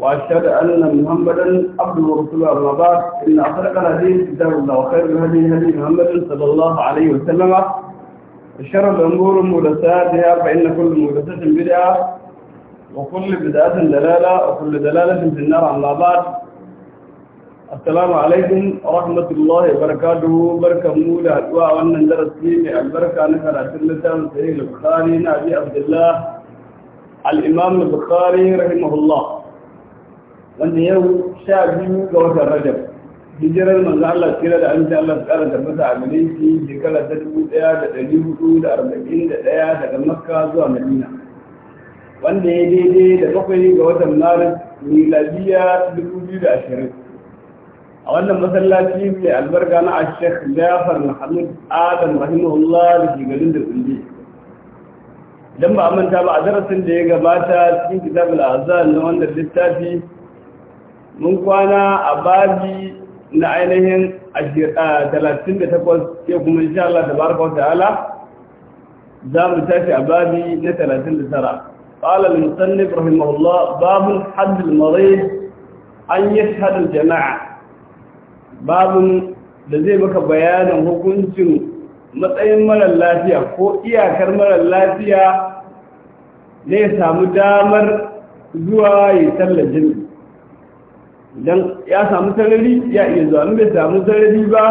وأشهد أن محمدا عبده ورسوله أما بعد إن أخلق الحديث كتاب الله وخير الهدي هدي محمد صلى الله عليه وسلم الشر الأمور محدثاتها فإن كل محدثة بدعة وكل بدعة دلالة وكل دلالة في النار أما بعد السلام عليكم ورحمة الله وبركاته بركة مولى أدواء وأن ندرس فيه البركة نفر أسلتها سيد البخاري نبي عبد الله الإمام البخاري رحمه الله wanda yau sha biyu ga watan rajab hijirar manzo Allah kira da amince Allah tsara da masa aminai shi shekara ta dubu ɗaya da ɗari hudu da arba'in da ɗaya daga makka zuwa madina wanda ya daidai da bakwai ga watan maris miladiya dubu biyu da ashirin a wannan masallaci mai albarka na ashek jafar muhammad adam rahimahullah da ke garin da tsundi idan ba a manta ba a darasin da ya gabata cikin kitabul azan na wanda littafi mun kwana a babi na ainihin takwas ke kuma insha Allah tabaraka wa ta'ala za mu tashi a babi na tara. قال المصنف رحمه الله باب حد المريض أن يشهد jama'a باب da zai maka bayanin hukuncin matsayin marar lafiya ko iyakar marar lafiya ne ya samu damar zuwa ya sallar jini idan ya samu sarari ya iya zuwa in bai samu sarari ba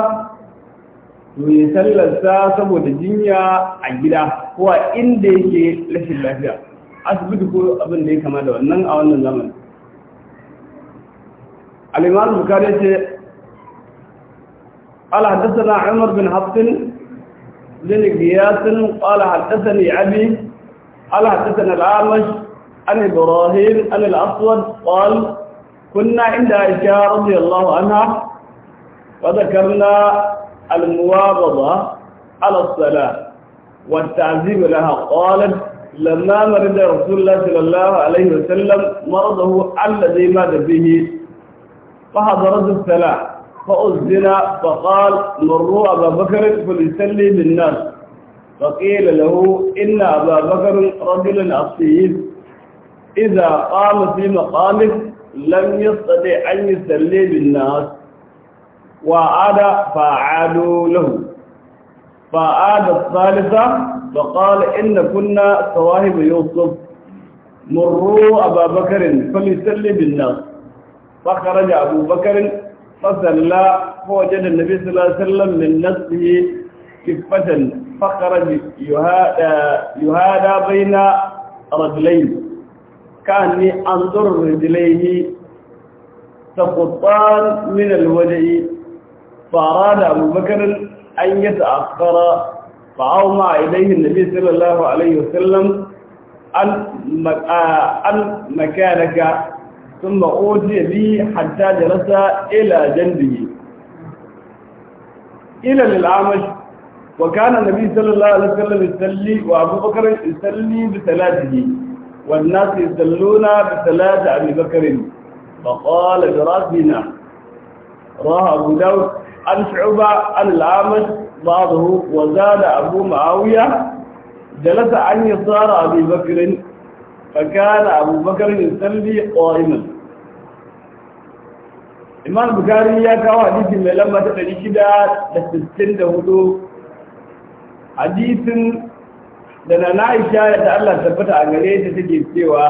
to ya sallarsa saboda jinya a gida ko a inda yake rashin lafiya asibiti ko abin da ya kama da wannan a wannan zamani al bukari ce قال حدثنا عمر بن حفص بن غياث قال حدثني ala قال حدثنا الأعمش عن إبراهيم عن الأسود قال كنا عند عائشة رضي الله عنها وذكرنا المواظبة على الصلاة والتعذيب لها قالت لما مرض رسول الله صلى الله عليه وسلم مرضه الذي مات به فحضرت الصلاة فأذن فقال مروا أبا بكر فليسلي بالناس فقيل له إن أبا بكر رجل عصيب إذا قام في مقامه لم يستطع أن يسلي بالناس وعاد فعادوا له فعاد الثالثة فقال إن كنا صواهب يوسف مروا أبا بكر فليسلي بالناس فخرج أبو بكر فصلى فوجد النبي صلى الله عليه وسلم من نفسه كفة فخرج يهادى, يهادى بين رجلين كاني أنظر رجليه تخطان من الوجه فأراد أبو بكر أن يتأخر فأومع إليه النبي صلى الله عليه وسلم أن مكانك ثم أوتي به حتى جلس إلى جنبه إلى للعمش وكان النبي صلى الله عليه وسلم يصلي وأبو بكر يصلي بثلاثه والناس يصلون بصلاة أبي بكر فقال براسنا راه أبو داود عن شعبة عن الأعمش بعضه وزاد أبو معاوية جلس عن يسار أبي بكر فكان أبو بكر يصلي قائما Imam Bukhari ya kawo hadisi mai lamba ta 664 hadisin da na na'isha da Allah tabbata a gare ta take cewa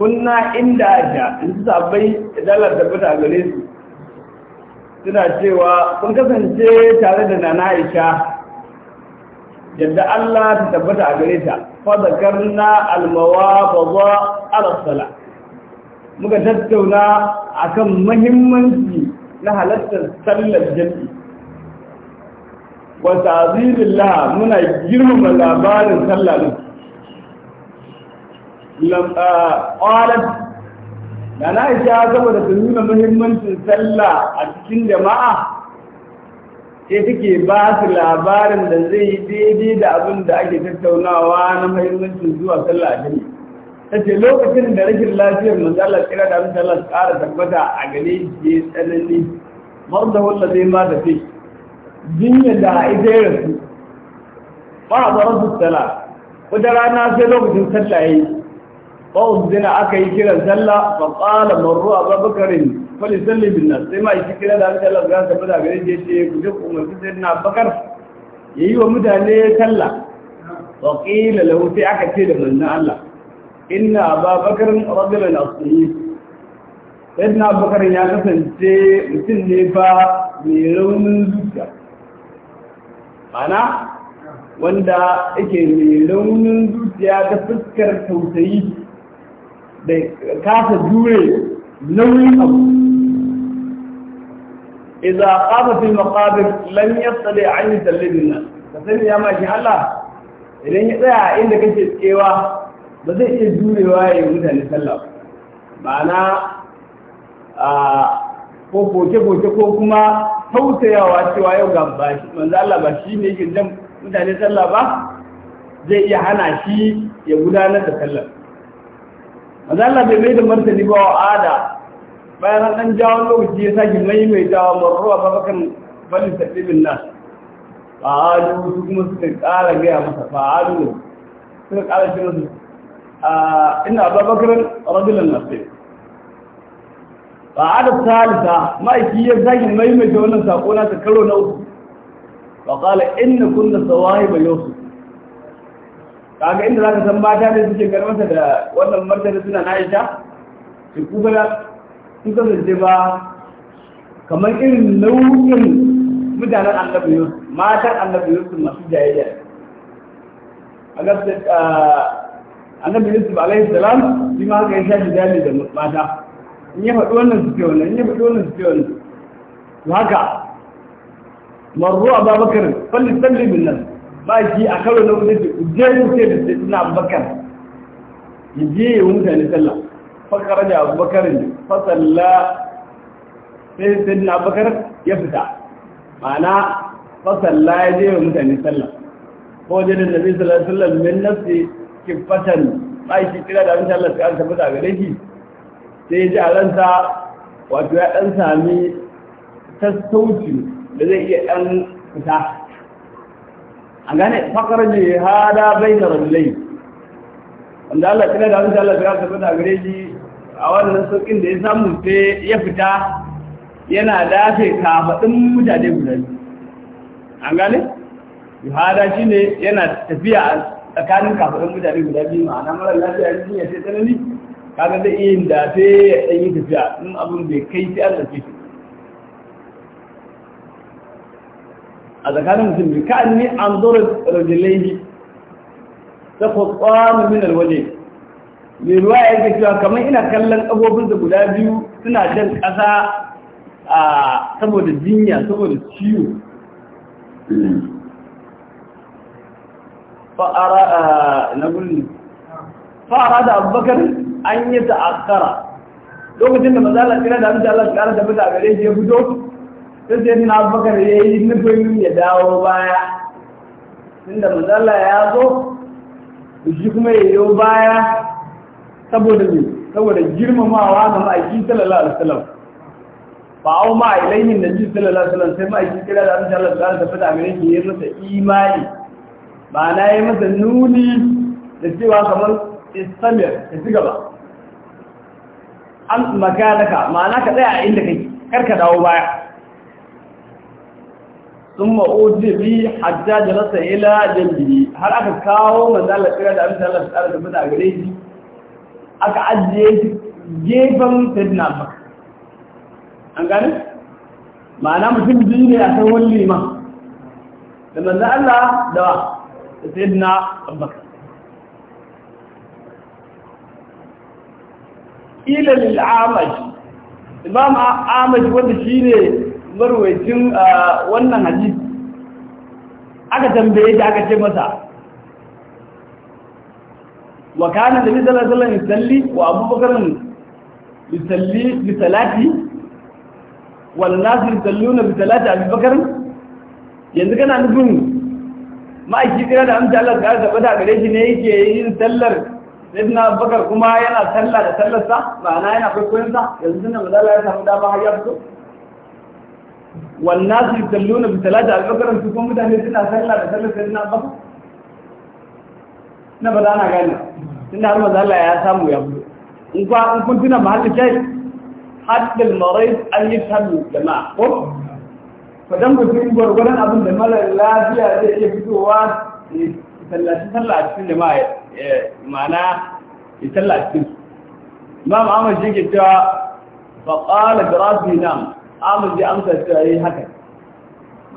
kunna inda aisha in su sabai da Allah tabbata a gare su suna cewa kun kasance tare da na na'isha yadda Allah ta tabbata a gare ta fa zakarna almawabadha ala sala muka tattauna akan muhimmanci na halartar sallar jami'i wa ta'zimin muna girmama labarin sallah din ah, qalat da na saboda ta nuna muhimmancin sallah a cikin jama'a sai take ba su labarin da zai daidai da abin da ake tattaunawa na muhimmancin zuwa sallah din jami'a lokacin da rashin lafiyar matsalar kira da abin sallah su ƙara tabbata a gane shi tsanani mar da zai ma da fi jinyar da ita ya rasu ba a tsaron tuttala wata rana sai lokacin sallah ya yi ƙwawon zina aka yi kiran sallah ba tsala maru a babakarin fali sallin bin nan sai ma yi kira da hankali Allah ya tafi da gare da ce ku je ku umarci sai na bakar ya yi wa mutane sallah ba kila lahu sai aka ce da manna Allah inna bakarin rajulan asiri na bakarin ya kasance mutum ne ba mai raunin zuciya ma'ana wanda yake mai raunin zuciya ta fuskar tausayi da kasa jure nauyin abu idza qama fil maqabir lam yastali an yusallibin nan, ka sani ya ma shi Allah idan ya tsaya inda kake tsewa ba zai iya jurewa ya yi mutane sallah ma'ana ko koke-koke, ko kuma tausayawa cewa yau ga ba manzo Allah ba shi ne gindan mutane sallah ba zai iya hana shi ya gudanar da sallar manzo Allah bai mai da martani ba wa ada bayan an dan jawo lokaci ya sake maimaitawa marruwa ba bakan balin tabbibin nan Fa'adu su kuma suka ƙara gaya masa fa'alu suka ƙara shi masu ah, ina babakarar rajulan nasir a da salisa ma'aiki ya zagi maimaita wannan sako na ta karo na uku wa kala inna kunna sawahib yusuf kaga inda zaka san mata ne suke karmata da wannan martani suna na Aisha ki kuma sun kasance ba kamar irin nau'in mutanen annabi Yusuf matar annabi Yusuf masu jayayya a gaskiya eh, annabi Yusuf alaihi salam shi ma haka ya shafi jami da mata in ya faɗi wannan suke wannan in ya faɗi wannan suke wannan to haka marru ababakar falli salli min nan ba shi a karo na wuce ce je wuce da sai suna abubakar ya je ya yi mutane sallah fakar da abubakar ne fasalla sai sai na abubakar ya fita ma'ana fasalla ya je wa mutane sallah ko wajen da nabi sallallahu alaihi wasallam min nafsi kifatan ba shi kira da mutane Allah sai an tabbata gare shi sai ji a ransa wato ya ɗan sami sassauci da zai iya ɗan fita a gane fakar ne hada bai da rullai wanda Allah kira da wanda Allah kira tafi da gare shi a wannan sauƙin da ya samu sai ya fita yana dafe kafaɗin mutane guda an gane hada shi ne yana tafiya tsakanin kafaɗin mutane guda biyu ma'ana mara lafiya ne sai tsanani kaga zai iya yin dafe ya ɗan yi tafiya in abin bai kai sai an ɗauke shi a tsakanin mutum ka ka'an ni an zo rajulaihi ta kwakwano min alwaje mai ruwa ya yi cewa kamar ina kallon da guda biyu suna jan ƙasa a saboda jinya saboda ciwo fa'ara na gudun fa'ara da abubakar an yi ta'akkara lokacin da mazala tsira da abinci Allah su kara tafi da gare shi ya fito sai sai na bakar ya yi nufin ya dawo baya inda mazala ya zo shi kuma ya yi baya saboda ne saboda girmamawa ga ma'aiki sallallahu alaihi wasallam fa au ma ilayhi nabi sallallahu alaihi wasallam sai ma'aiki kira da abinci Allah su kara tafi da gare shi ya masa imani ba na yi masa nuni da cewa kamar istamir ya ci gaba an makanaka ma'ana ka tsaya a inda kai kar ka dawo baya sun ma'uji bi hajja da rasa ila jambi har aka kawo manzala tsira da abin da Allah tsara da mutane gare shi aka ajiye shi gefen sayyidina abubakar an gane ma'ana mutum biyu ne a san wani liman da da Allah da sayyidina abubakar ila lil amaj imam amaj wanda shine marwayacin ah, wannan hadisi aka tambaye shi aka ce masa wa kana nabi sallallahu alaihi wasallam wa abubakar yusalli bi salati wal nas yusalluna bi salati abubakar yanzu kana nufin ma'aiki kira da amsa Allah ka ga da gare shi ne yake yin sallar Sai na abubakar kuma yana sallah da sallarsa ma'ana yana kwaikwayon sa yanzu nan mazala ya samu dama har ya fito wannan su salluna bi da abubakar su kuma mutane suna sallah da sallar sayyidina abubakar na ba za na gane tunda har mazala ya samu ya fito in kwa in kun tuna mahallin kai haddal marais an yi sallu jama'a ko fadan mutum gwargwaron abin da mara lafiya zai iya fitowa eh, sallaci sallah cikin jama'a ma'ana ya sallah a cikin eh, imam ahmad shi ke cewa fa qala bi rafi nam ahmad ya amsa cewa yi haka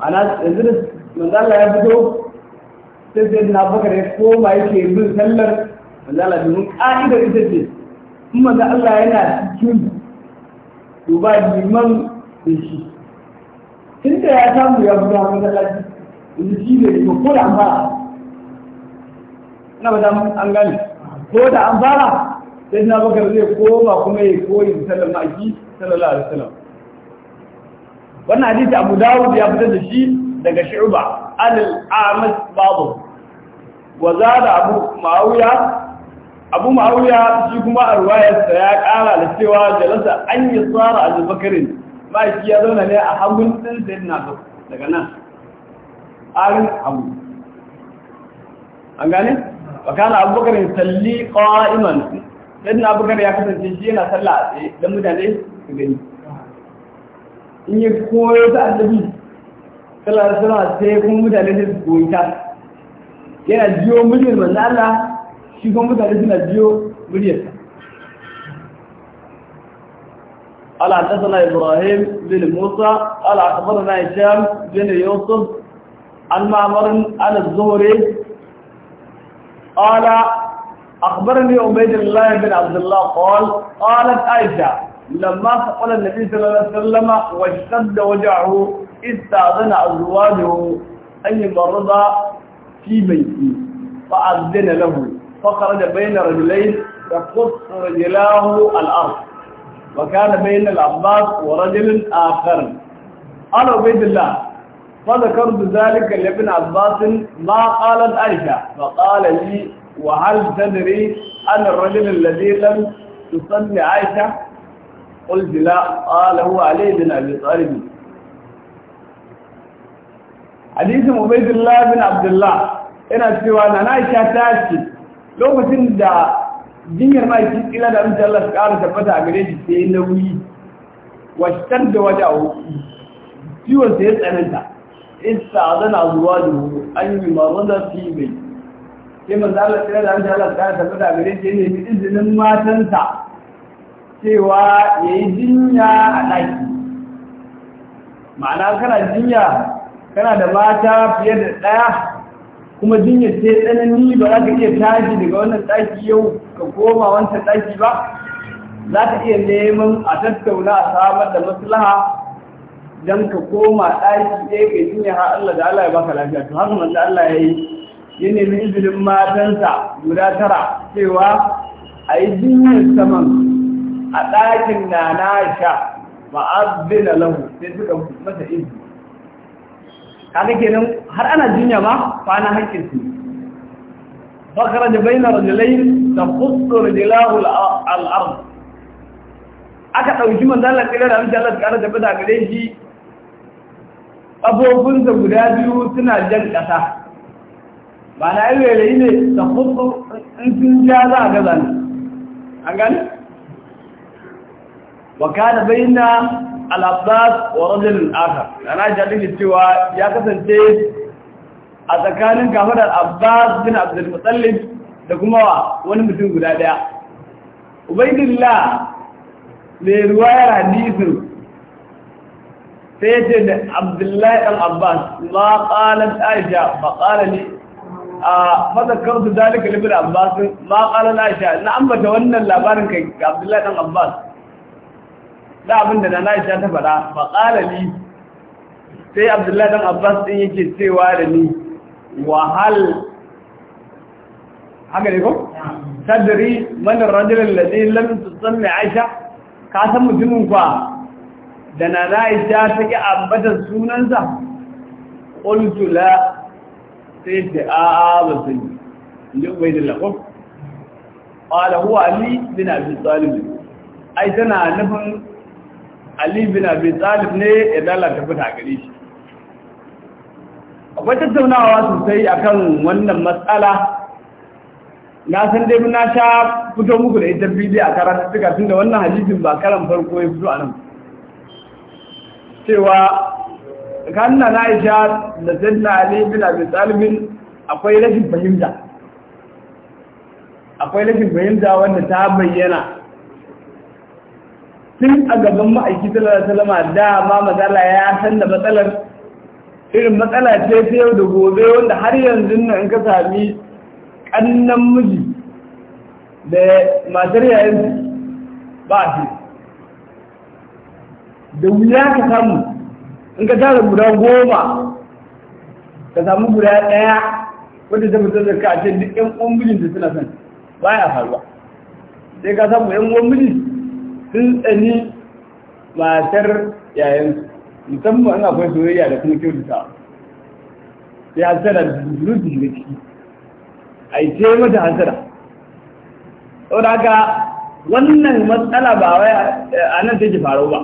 ma'ana yanzu da manzo Allah ya fito sai sai na bakar ya koma yake bin sallar manzo Allah domin ka'idar ita ce in manzo Allah yana cikin to ba liman da shi tunda ya samu ya fito a masallaci yanzu shi ne ko da amfara ina ba dama an gane ko da an fara sai na bakar zai koma kuma ya koyi da sallan ma'aiki sallallahu alaihi wasallam wannan hadisi abu dawud ya fitar da shi daga shu'ba an al-amas babu wa zada abu ma'awiya abu ma'awiya shi kuma a ruwayarsa ya kara da cewa jalasa an yi tsara a zubakarin ma'aiki ya zauna ne a hagun ɗin da yana daga nan arin abu an gane? wa kana abubakar yusalli qa'iman na abubakar ya kasance shi yana sallah a tsaye don mutane su gani in ya koyo ta annabi sallallahu alaihi wasallam sai kuma mutane sai su koyi yana jiyo muryar manzo Allah shi kuma mutane suna jiyo muryar sa قال حدثنا إبراهيم بن موسى قال أخبرنا هشام بن يوسف عن معمر عن الزهري قال أخبرني عبيد الله بن عبد الله قال قالت عائشة لما قال النبي صلى الله عليه وسلم واشتد وجعه استأذن أزواجه أن يمرض في بيتي فأذن له فخرج بين رجلين فقص رجلاه الأرض وكان بين العباس ورجل آخر قال عبيد الله فذكرت ذلك لابن عباس ما قالت عائشة فقال لي وهل تدري أن الرجل الذي لم تصلي عائشة قلت لا قال هو علي بن أبي طالب حديث عبيد الله بن عبد الله ina cewa na Aisha ta ce lokacin da jinyar maki kila da amince Allah su tabbata a gare shi sai nauyi washtar da wada ciwon sai ya tsananta استعذن أزواجه أن يمرض في بيت sai manzala sai da Allah ta tabbata da gare shi ne izinin matansa cewa yayi jinya a daki ma'ana kana jinya kana da mata fiye da daya kuma jinya ce tsanani ba za ka iya tashi daga wannan daki yau ka koma wancan daki ba za ka iya neman a tattauna a samar da maslaha don ka koma ɗaki ɗaya ka yi har Allah da Allah ya baka lafiya to har manzo Allah ya yi ya nemi izinin matansa guda tara cewa a yi jinyar saman a ɗakin na na sha ma'azina lahu sai suka masa izini kaga kenan har ana jinya ma kwana hakkin su bakara da bainar rajulai da kusto rajulahu al'ard aka ɗauki manzo Allah tsira da Allah Allah tsara da bada gare shi da guda biyu suna jan ƙasa ba na irere ne da hutu in sun ja za a gaza ne an gani wa kana bayyana al-abbas wa da na ana jalili cewa ya kasance a tsakanin kafar al bin abdul mutallib da kuma wa wani mutum guda daya ubaidillah mai ruwayar hadisin sai ce da abdullahi ɗan abbas ma ƙalar aisha ba ƙalar ne a fazakar su zalika libin abbas ma ƙalar aisha na ambata wannan labarin kai ga abdullahi ɗan abbas da abin da na aisha ta faɗa ba ƙalar ne sai abdullahi ɗan abbas ɗin yake cewa da ni wahal haka ne ko? tadiri manar rajulun lalai lamin tutsan mai aisha ka san mutumin kwa da na ra'isha ta ƙi ambatan sunansa ƙultula sai ta a'a ba su ne yin wai da laƙon ƙwada huwa ali bin abin tsalib ai tana nufin ali bin abin tsalib ne ya ta fita gare shi akwai tattaunawa sosai akan wannan matsala na san dai na sha fito muku da ita fili a karatattuka tun da wannan halittin ba karan farko ya fito a nan cewa kanna na isha da sayyidina ali bin abin talibin akwai rashin fahimta akwai rashin fahimta wanda ta bayyana tun a gaban ma'aiki sallallahu alaihi da ma matsala ya san da matsalar irin matsala ce ta yau da gobe wanda har yanzu na in ka sami kannan miji da matar yayin ba a da wuya ka samu in ka tara guda goma ka samu guda ɗaya wanda ta fita da ka a ce duk 'yan uwan mijin da suna son baya faruwa sai ka samu 'yan uwan mijin sun tsani matar yayansu musamman in akwai soyayya da kuma kyautatawa sai hasara da zurutu da ciki a yi ce mata hasara saboda haka wannan matsala ba wai a nan take faru ba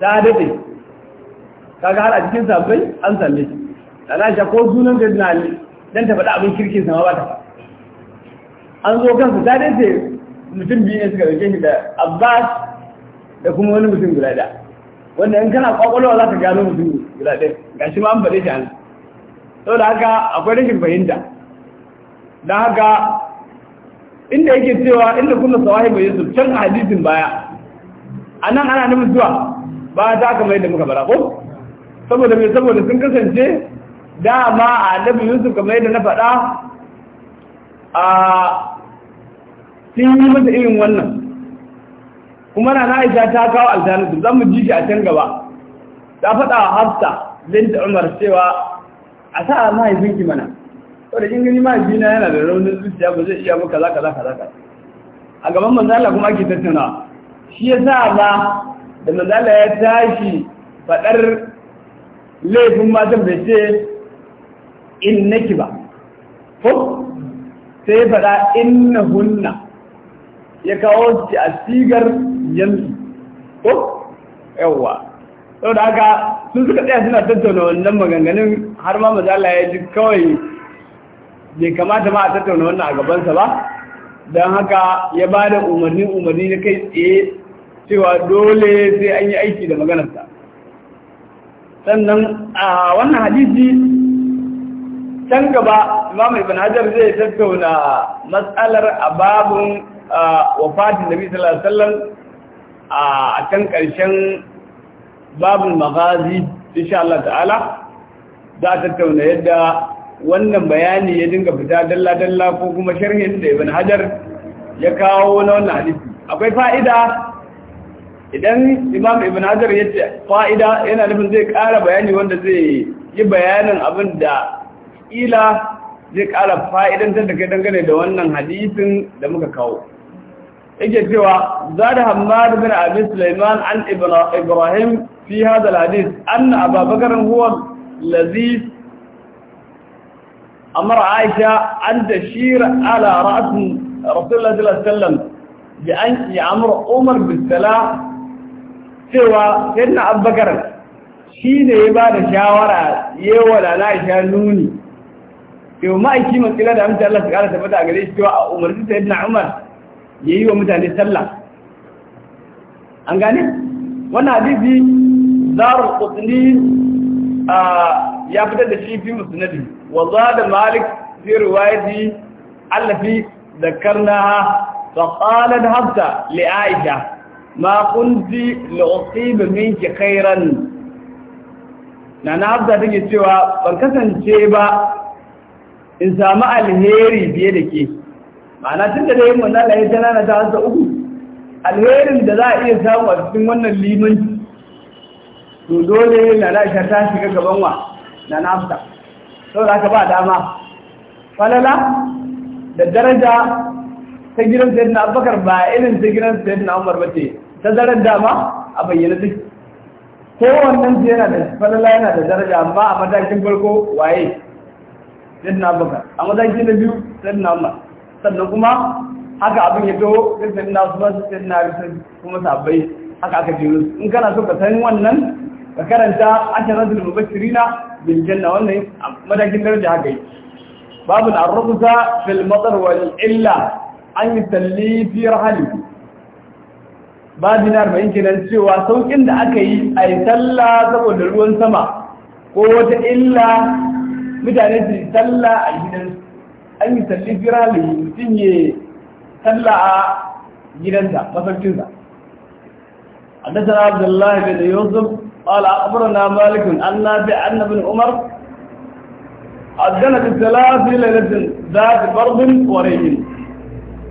ta daɗe kaga har a cikin sabbai an sami shi da na ko sunan da na ne don ta faɗa abin kirkin sama ba ta fa an zo kansu ta daɗe mutum biyu ne suka dauke shi da abbas da kuma wani mutum guda ɗaya wanda in kana kwakwalwa za ka gano mutum guda ɗaya ga shi ma an faɗe shi an sau da haka akwai rashin fahimta don haka inda yake cewa inda kuna sawahi bai yusuf can hadisin baya a nan ana nufin zuwa ba ta kamar yadda muka bara ko saboda mai saboda sun kasance dama a labi yusuf kamar yadda na faɗa a sun yi mata irin wannan kuma na na'isha ta kawo alternative za mu ji shi a can gaba ta faɗa wa hafsa binta umar cewa a sa mahaifinki mana saboda in gani mahaifina yana da raunin zuciya ba zai iya muka za ka za ka za ka a gaban manzala kuma ake tattauna shi ya sa ba da manzala ya tashi faɗar laifin matan bai ce in naki ba ko sai ya faɗa inna hunna ya kawo shi a sigar yanzu ko yawwa saboda haka sun suka tsaya suna tattauna wannan maganganun har ma mazala ya ji kawai bai kamata ma a tattauna wannan a gabansa ba don haka ya ba da umarni umarni na kai tsaye cewa dole sai an yi aiki da maganarsa sannan a wannan hadisi can gaba imam ibn hajar zai tattauna matsalar ababun wafatin nabi sallallahu alaihi wasallam a can karshen babun maghazi insha Allah ta'ala za a tattauna yadda wannan bayani ya dinga fita dalla-dalla ko kuma sharhin da ibn hajar ya kawo na wannan hadisi akwai fa'ida idan imam ibn hajar ya ce fa'ida yana nufin zai ƙara bayani wanda zai yi bayanin abin da ƙila zai ƙara fa'idanta da kai dangane da wannan hadisin da muka kawo yake cewa za da hamad bin abin suleiman an ibrahim fi haza hadis an na ababakarin huwa laziz aisha an da shira ala ra'asin rasulullah sallallahu alaihi wasallam an yi amur umar bisala cewa yadda abbakar shi ne ya ba da shawara yawa da la'isha nuni yau ma'aiki matsila da amince Allah su kara tabbata a gare shi cewa a umarci ta yadda umar ya yi wa mutane sallah an gane wannan hadisi zarar kutsuni ya fitar da shi fi musulmi wa da malik fi riwayati allafi da karnaha qalat hafsa li aisha ma kunti la'uqibu minki khairan na na hafsa take cewa ban kasance ba in samu alheri biye da ke ma'ana tun da dai mun Allah ya tana ta hasa uku alherin da za a iya samu a cikin wannan limanci to dole na na isha ta shiga gaban wa na na hafsa sau da ba dama falala da daraja ta gidan sayyidina abubakar ba irin ta gidan sayyidina umar ba ce Ta zarar dama a bayyana duk wannan ji yana da falala yana da daraja amma a matakin farko waye din na baka a matakin na biyu sai na umar sannan kuma haka abin ya to sai na su sai na rufe kuma bai. haka aka jiro in kana so ka san wannan ka karanta asharatul mubashirina bil janna wannan matakin daraja haka yi babu al-rukhsa fil matar wal illa an yusalli fi rahalihi Ba na arba'in kenan cewa saukin da aka yi a yi sallah saboda ruwan sama ko wata illa mutane su yi talla a gidansu an yi salli firali mutum ya talla a gidansa masaukinsa حدثنا عبد الله بن يوسف قال أخبرنا مالك عن نافع عن ابن عمر أذن في الثلاث ليلة ذات برد وريح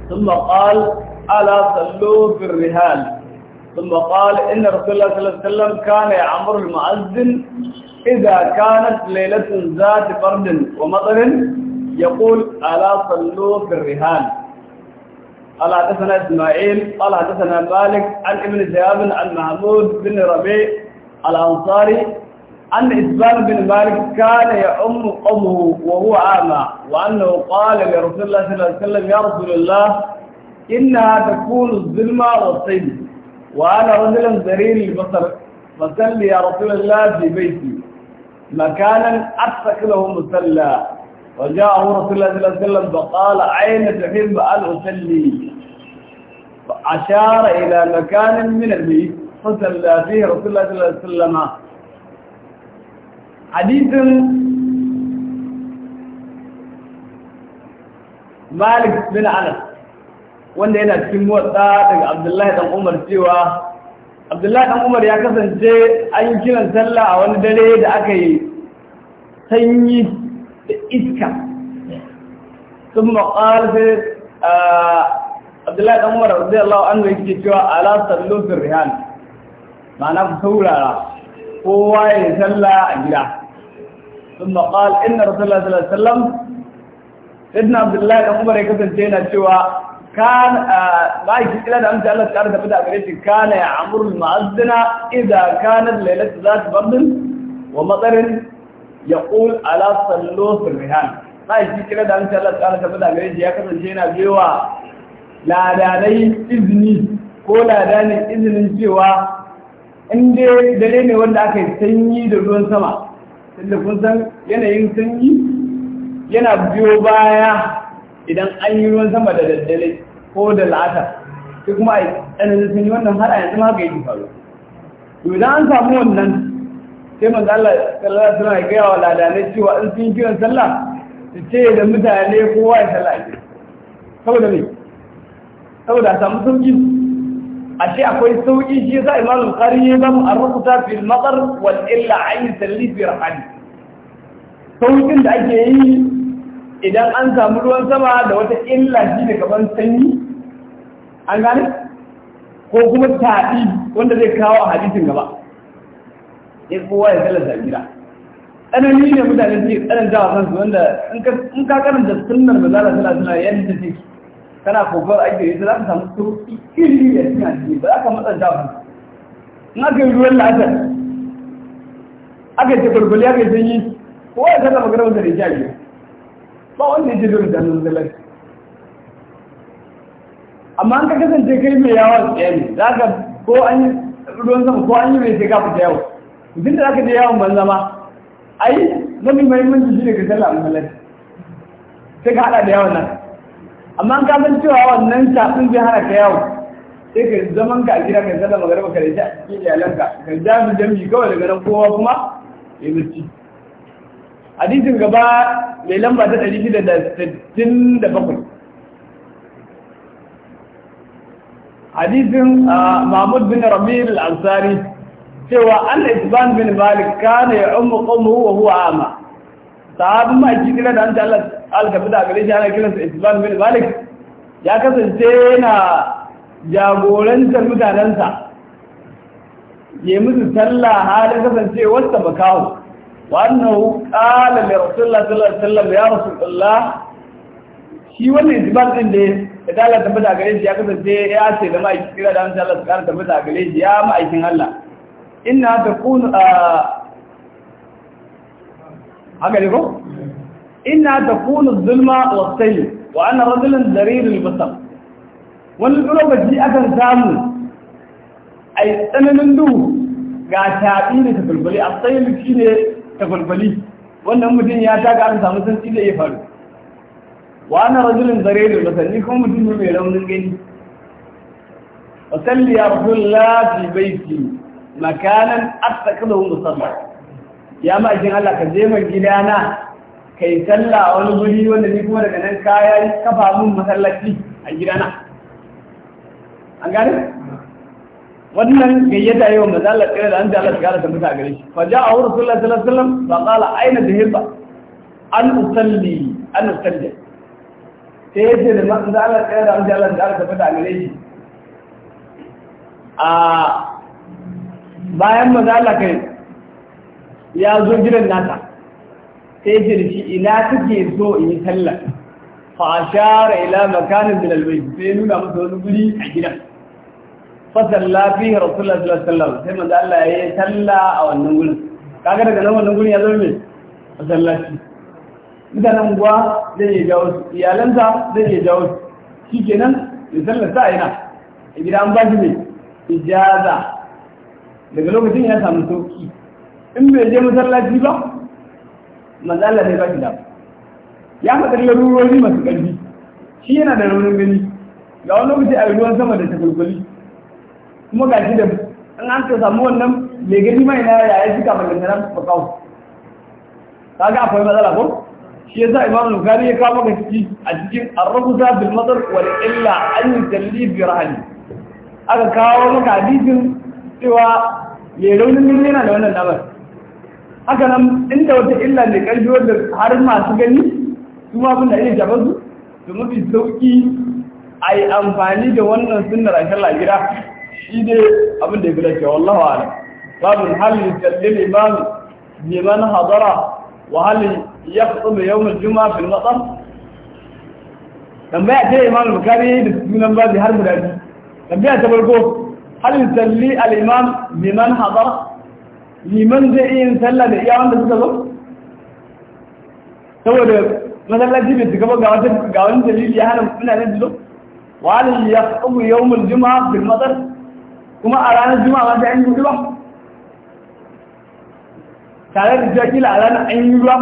ثم قال ألا صلوا في الرهال ثم قال إن رسول الله صلى الله عليه وسلم كان يعمر المؤذن إذا كانت ليلة ذات برد ومطر يقول ألا صلوا في الرهان قال حدثنا إسماعيل قال حدثنا مالك عن ابن زياب عن محمود بن ربيع الأنصاري عن إسبان بن مالك كان يعم أمه وهو عامى وأنه قال لرسول الله صلى الله عليه وسلم يا رسول الله إنها تكون الظلمة والصيد وأنا رجلا ذرير البصر فسل يا رسول الله في بيتي مكانا أتك له مسلى وجاءه رسول الله صلى الله عليه وسلم فقال أين تحب أن أسلي فأشار إلى مكان من البيت فسلى فيه رسول الله صلى الله عليه وسلم حديث مالك بن عنس wanda yana cikin motsa daga abdullahi dan umar cewa abdullahi dan umar ya kasance an yi kiran sallah a wani dare da aka yi sanyi da iska sun maƙar sai abdullahi dan umar zai allawa an zai ke cewa ala sallu fi ma'ana ku saurara kowa ya yi sallah a gida sun maƙar inna rasulullah sallallahu alaihi wasallam sayyidina abdullahi dan umar ya kasance yana cewa kan ma'aikin kila da amince Allah tare da fita gare shi kana ya amuru ma'azzina idza kanat lailatu zat bardin wa matarin yaqul ala sallu fil rihan ma'aikin kila da amince Allah tare da fita gare ya kasance yana biyowa ladanai izini ko ladanin izinin cewa in wanda aka yi sanyi da ruwan sama tunda yanayin sanyi yana biyo baya idan an yi ruwan sama da daddare ko da lata sai kuma a tsananin sun yi wannan har a yanzu ma haka yi faruwa to idan an samu wannan sai manzo Allah sallallahu alaihi wasallam ya gaya wa ladanai cewa in sun kiran sallah su ce da mutane kowa ya sallah ne saboda me saboda a samu sauki a ce akwai sauki shi yasa Imam al-qari ya zama an rubuta fil matar wal illa ayy salli fi rahani saukin da ake yi idan an samu ruwan sama da wata illa shi ne kamar sanyi an gane ko kuma taɗi wanda zai kawo a hadisin gaba ya kowa ya zala gida tsanani ne mutane suke tsananta jawa kansu wanda in ka karanta sunnar da zara suna suna yadda take kana kogar ake yi za ka samu turki iri da suna ciki ba za ka matsanta jawa kansu in aka yi ruwan la'asar aka ce gwargwali aka yi sanyi kowa ya tsallar magana wanda da ya ba wanda ya dole da nan zalar amma an ka kasance kai mai yawon tsaye ne za ka ko an yi ruwan sama ko an yi mai sai ka da yawo mutum da za ka je yawon ban zama ai mafi mahimmanci shi ne ka sallah a zalar sai ka haɗa da yawon nan amma an san cewa wannan shafin zai hana ka yawo sai ka zaman ka a gida ka sallah magarba ka da shi a cikin iyalanka ka jami jami kawai daga nan kowa kuma ya mutu hadisin gaba mai lamba ta ɗari 667 hadisin ah, mahmud bin ramir al-ansari cewa an isban bin malik kana ya ummu qawmuhu wa huwa ama sahabin ma kira da an ta tafi da gare shi ana kiransa isban bin malik ya kasance yana jagorantar mutanensa ya musu sallah halin kasancewarsa makawo wannan ƙala mai rasulullah sallallahu alaihi wasallam ya rasulullah shi wannan jibar din da ya dala tabbata da gare shi ya kasance ya ce da ma'aikin kira da hamsin Allah su ƙara tabbata da gare shi ya ma'aikin Allah ina ta kunu a haka ne ko ina ta kunu zulma wa sayi wa ana rajulun darirul basar wani lokaci akan samu a yi tsananin duhu ga taɓi ne ta bulbuli a sai shi ne tafalfali wannan mutum ya taka an samu santsi zai ya faru wa ana rajulun zare da masalli kuma mutum mai raunin gani salli ya rasu lafi baiti makanan asta kada hun musamman ya Allah ka je mai gidana ka yi talla a wani guri wanda ni kuma daga nan kaya kafa mun masallaci a gidana an gane wannan gayyata yau da zalla tsira da da Allah tsira da mutum a gare shi fa ja'a rasulullahi sallallahu alaihi wasallam fa qala aina dhahaba an usalli an usalli sai yace da da Allah tsira da da Allah tsira da mutum a gare shi a bayan manzo Allah kai ya zo gidan nasa sai yace da shi ina kake so in yi sallah fa ashara ila makanin min albayt sai nuna masa wani guri a gidan fasalla fi rasulullah sallallahu alaihi wasallam sai manzo Allah ya yi talla a wannan gurin kaga daga nan wannan gurin ya zama me fasallaci. mutanen gwa zai iya jawo su iyalansa zai iya jawo su kenan ya sallar sa ina idan an ba shi me ijaza daga lokacin ya samu sauki in bai je masallaci ba manzo Allah zai ba shi da ya faɗi larurori masu ƙarfi shi yana da raunin gani ga wani lokaci a ruwan sama da kulkuli kuma ga shi da in an ka samu wannan mai gani mai na yaya shi kafin da nan ga kaga akwai matsala ko shi yasa imamu bukari ya kawo maka ciki a cikin arrafusa bil matsar wal illa an yi talli bi rahani aka kawo maka hadisin cewa mai raunin gani yana da wannan damar haka nan inda wata illa mai karfi wanda har masu gani su ma da iya jaba su da mafi sauki a yi amfani da wannan sunnar a shallah gida shi ne abin da ya gina ke wallahu alam babin halin kallin imam liman hadara wa halin ya fito mai yawon juma'a fil matsar tambaya ce imam bukari da sunan babi har guda biyu tambaya ta farko hal yusalli al imam liman hadara liman zai iya yin sallah da iya wanda suka zo saboda masallaci bai shiga ba ga wata ga wani dalili ya hana mutane zo wa hal yaqbu yawm al juma'a bil madar kuma a ranar juma'a ba sai an yi tare da cewa kila a ranar an yi ruwa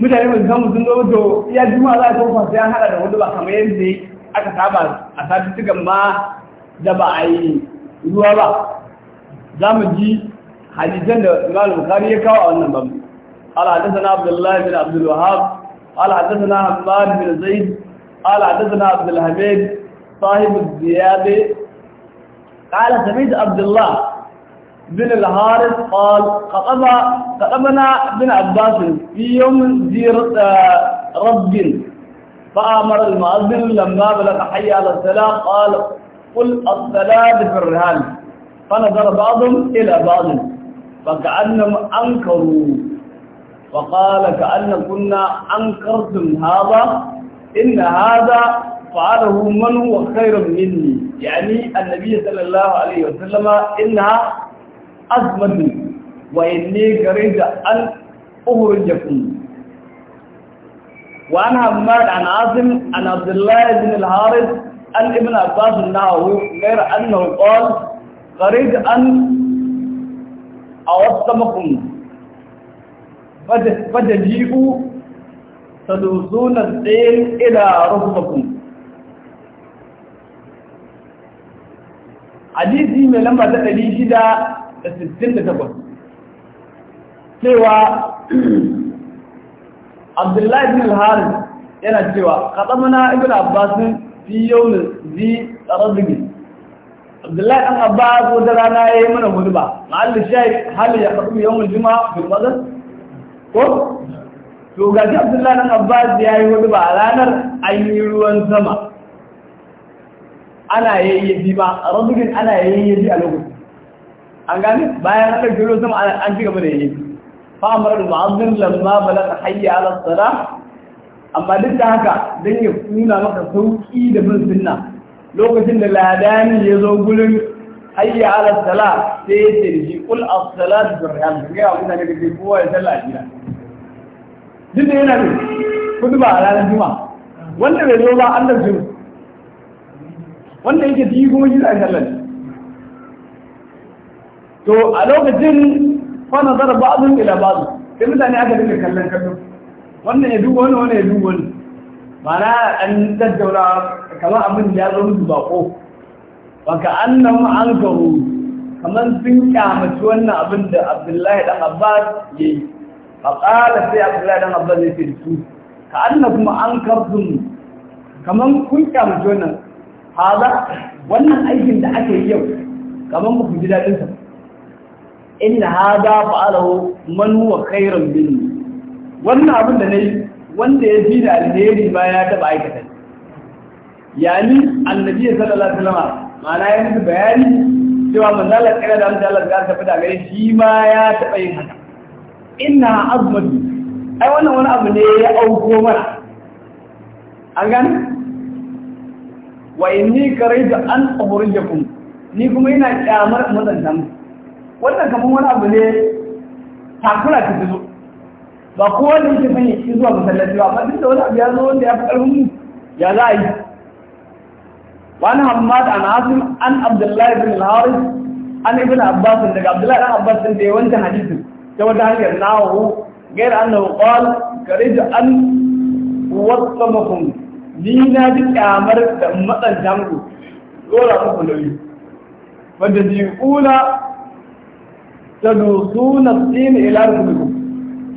mutane mai samun sun zo to iya juma'a za a kofa sai an hada da hudu ba kamar yadda aka saba a satuttukan ma da ba a yi ruwa ba za mu ji hadisan da imam bukari ya kawo a wannan ba. قال حدثنا عبد الله بن عبد الوهاب قال حدثنا حماد بن زيد قال حدثنا عبد الحميد صاحب قال سميد عبد الله بن الحارث قال خطب خطبنا بن عباس في يوم زير آه، رب فأمر المؤذن لما بلغ حي على السلام قال قل الصلاة في الرهان فنظر بعضهم إلى بعض فكأنهم أنكروا وقال كأن كنا أنكرتم هذا إن هذا فعله من هو خير مني يعني النبي صلى الله عليه وسلم إنها أزمد وإني قريت أن أخرجكم وعن أمار عن عاصم عن عبد الله بن الحارث عن ابن عباس انه غير انه قال قريت ان اوصمكم فتجيبوا تدوسون الدين الى ركبكم hadisi mai lamba ta ɗari shida da sittin da takwas cewa abdullahi bin al yana cewa kaɗamana ibn abbasin fi yau da zi tsararrigi abdullahi ɗan abbas wata rana ya yi mana hudu ba ma'alli shayi hali ya kasu yau mai juma bin mazan ko to gaji abdullahi ɗan abbas ya yi hudu ba a ranar an yi ruwan sama ana yayyabi ba rajulin ana yayyabi a lokacin an gane bayan an ɗauki ruwan sama an ci gaba da yayyabi fa amara da mu'azzin lamma ta hayya ala sala amma duk da haka dan ya nuna maka sauki da bin sunna lokacin da ladani ya zo gurin hayya ala sala sai ya ce shi kul as-salatu bir ga ya mutane da ke kowa ya sallah gida duk da yana ne kudu ba a ranar juma'a wanda bai zo ba an da juma'a wanda yake ciki kuma shi zai sallar to a lokacin zara ba abin ila su sai mutane aka dinga kallon kallo wannan ya duba wani wannan ya duba wani na an daddaura kamar abin da ya zo musu bako ba ka annan an garu kamar sun kyamaci wannan abin da abdullahi dan abbas ya yi a tsara sai abdullahi dan abbas ya ce su ka annan kuma an karfin kamar kun kyamaci wannan haza wannan aikin da aka yi yau kamar ba ku ji daɗin sa inna haza fa'alahu man huwa khairun minni wannan abin da nayi wanda ya fi da alheri ba ya taba aikata yani annabi sallallahu alaihi wasallam mana ya musu bayani cewa manzo Allah kira da manzo Allah ya tafi da gare shi ma ya taba yin haka inna azmatu ai wannan wani abu ne ya auko mana an gane wa inni karaitu an ukhrijakum ni kuma ina kyamar mazanta mu wannan kaman wani abu ne takura ta zo ba kowa da yake sanya shi zuwa masallaci ba amma da wani abu ya zo wanda ya fi karfin mu ya za a yi wani hamad an asim an abdullahi bin haris an ibn abbas daga abdullahi dan abbas din da ya wancan hadisin ta wata hanyar nawo غير أنه قال كريت أن وصمكم ni na ji kyamar da matsanta muku dora muku nauyi wanda ji kula ta dosu na tsini ila rukunukum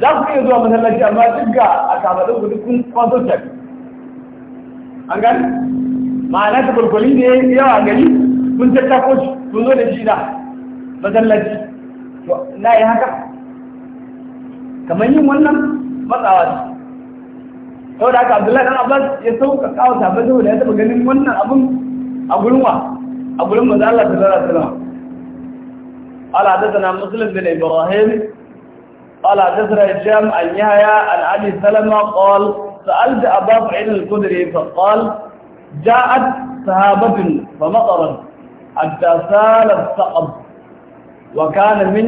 za ku iya zuwa masallaci amma duk ga a kamarin kun dukkan kwanzotar an gani ma'ana ta kwalkwali ne yawa gani kun tattako shi kun zo da shi na masallaci na yi haka kamar yin wannan matsawa saboda haka abdullahi dan abbas ya sauka kawo safa saboda ya taba ganin wannan abun a gurin wa a gurin manzo Allah sallallahu alaihi wasallam قال حدثنا مسلم بن ابراهيم قال حدثنا هشام عن يحيى عن ابي سلمة قال سالت ابا سعيد الخدري فقال جاءت سهابة فمطرت حتى سال الثقب وكان من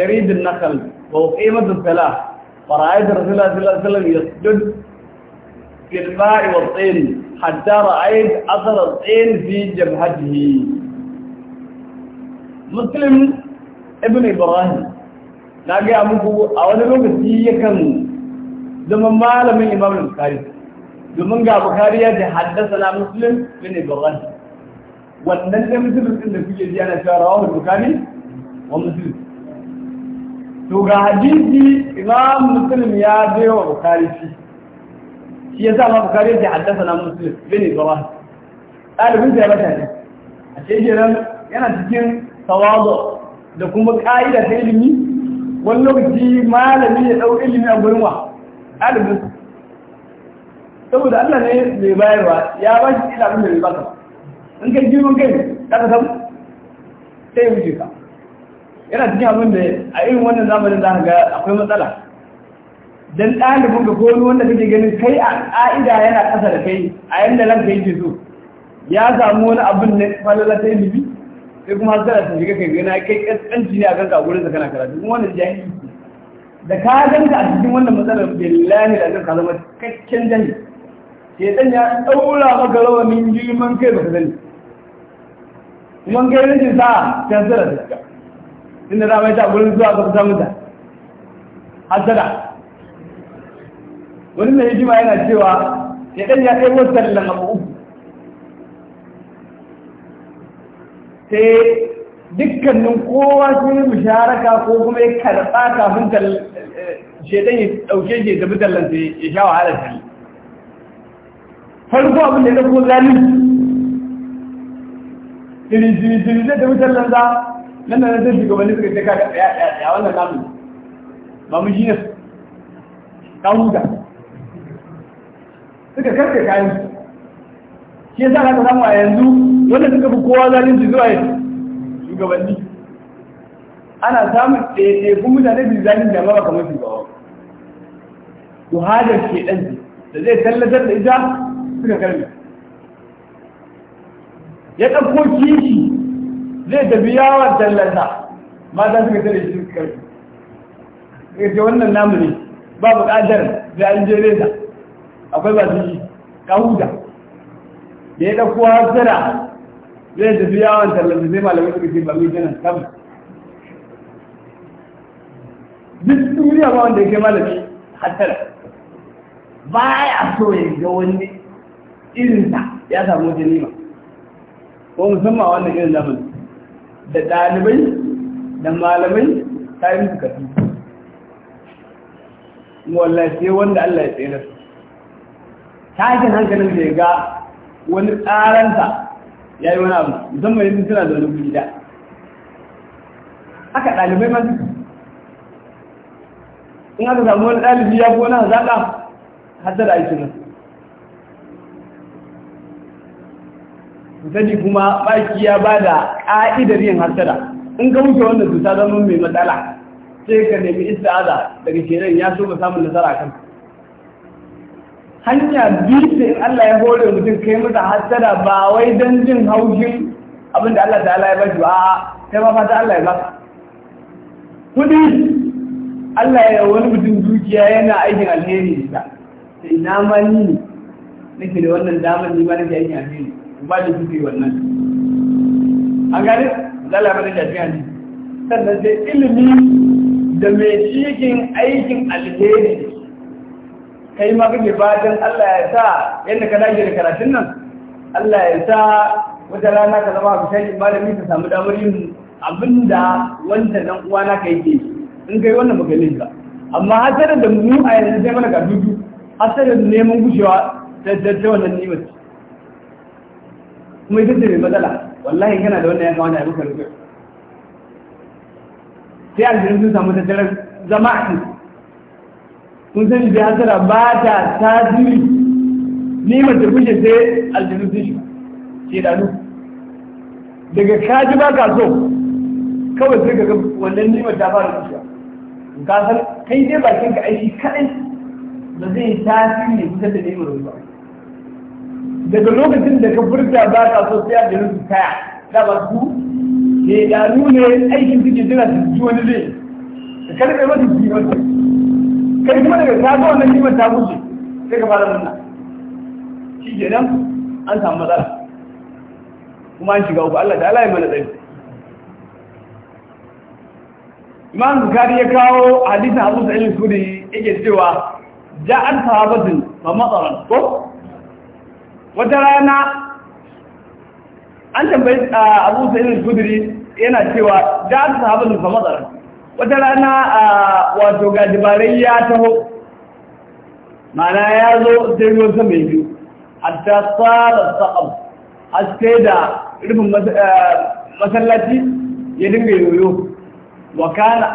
جريد النخل وأقيمت الصلاة فرأيت رسول الله صلى الله عليه وسلم يسجد في الماء والطين حتى رأيت أثر الطين في جبهته مسلم ابن إبراهيم لقي أمكو أولا لو بسيئة كان زمن ما لم الإمام البخاري زمن قال بخاري حدثنا مسلم ابن إبراهيم والنجم مثل مسلم في جزيانة شارعه البخاري ومسلم to ga hadisi imam muslim ya baiwa bukari shi shi yasa ma bukari ya haddasa na muslim bin ibrahim ɗalibin ya bata ne a shekaran yana cikin tawazo da kuma ƙa'ida ta ilimi wani lokaci malami ya ɗau ilimi a gurin wa ɗalibin saboda Allah ne mai bayarwa ya ba shi ilimin da mai baka in kai girman kai ɗaka samu sai ya wuce ka yana cikin abin da a irin wannan zamanin za ga akwai matsala dan ɗalibin ga kowani wanda kake ganin kai a ƙa'ida yana ƙasa da kai a yadda nan kai ke so ya samu wani abin na falala ta ilimi sai kuma hasar da ta shiga kai gana kai ƙasƙanci ne a kanka a gurin kana karatu kuma yi jahili da ka ganka a cikin wannan matsalar billahi da zan ka zama cikakken ke shetan ya ɗaura maka rawanin girman kai ba baka sani kuma kai rikin sa'a ta sana ta shiga inda za mai ta gurin zuwa ga kusa mutu hasada wani mai hikima yana cewa ya ɗan ya ɗaya wasu tallan abu uku sai dukkanin kowa sun yi musharaka ko kuma ya karɓa kafin eh, shaidan ya ɗauke shi ya tafi tallan sai ya sha ta. tallan farko abin da ya ɗauko zalim tiri tiri tiri zai tafi tallan za nan da nan sai shugabanni suka ce da tsaya tsaya tsaya wannan namu ba mu shi ne ta huta. suka karka kayan shi yasa ka samu a yanzu wanda suka fi kowa zalunci zuwa yanzu shugabanni ana samun ɗaiɗaikun mutane su zalin da ba kamar shugaba ku hajar ke ɗan da zai tallatar da ita suka karni ya ɗauko kishi zai tafi yawon tallan ta mata suka tare shi suka karfi ga ce wannan namu ne ba buƙatar da an je reza akwai ba su yi kahuda da ya ɗauko hasira zai tafi yawon tallan sa zai malamai suka ce ba mai janar samu duk duniya ba wanda ya kai malami hasira ba ya so ya ga wani irinsa ya samu ma ko musamman wannan irin zamani da ɗalibai da malamai ta yi musu kafi wallahi sai wanda Allah ya tsere su tashin hankalin da ya ga wani tsaranta ya yi wani abu musamman yin suna da wani gida haka ɗalibai masu in aka samu wani ɗalibi ya fi wani hazaƙa haddada aiki nan sani kuma baki ya ba da ƙa'idar yin hasada in ka wuce wannan cuta zama mai matsala sai ka nemi isti'aza daga shirin ya so ka samu nasara kan hanya biyu in Allah ya hore mutum kai masa hasada ba wai don jin haushin abin da Allah ta'ala ya ba shi ba kai ma fata Allah ya ba kudi Allah ya wani mutum dukiya yana aikin alheri da ina ma ni nake da wannan damar ni ma nake aikin alheri ba da su wannan an gane lalabarin da fiya ne sannan sai ilimi da mai cikin aikin alheri kai ma kake fatan Allah ya sa yadda ka dage da karatun nan Allah ya sa wata rana ka zama ku shaƙin malami ka samu damar yin abinda wanda nan uwana ka yi ke in kai wannan baka ka amma hasarar da mu a yanzu sai mana ka dudu hasarar neman gushewa ta wannan nimaci kuma ita ce mai matsala wallahi kana da wannan ya kamata a maka rufe sai aljihun sun samu tattarar zama a kun san da hasara ba ta tasiri ni mace kushe sai aljihun sun shi shedanu daga kaji ba ka so kawai sai ka wannan nimar ta fara kushewa ka san kai dai bakin ka aiki kaɗai ba zai tasiri ne kusa da nimar ba daga lokacin da ka furta ba ka so sai a jirin su kaya da ba su ke danu ne aikin suke jira su ji wani zai ka karɓe masa kimar sa kai kuma daga ka ga wannan kimar ta wuce sai ka fara nuna shi kenan an samu matsala kuma an shiga uku Allah ta Allah ya mana tsaye Imam Bukhari ya kawo hadisin Abu Sa'id al-Khudri yake cewa ja'an sahabatin fa mataran ko wata rana an tambayi abu sayyidin kudiri yana cewa da aka sahabar nufa matsara wata rana wato ga dabarai ya taho mana ya zo sai ruwan sama mai biyu hatta tsara sa'ab haske da rufin masallaci ya dinga yoyo wakana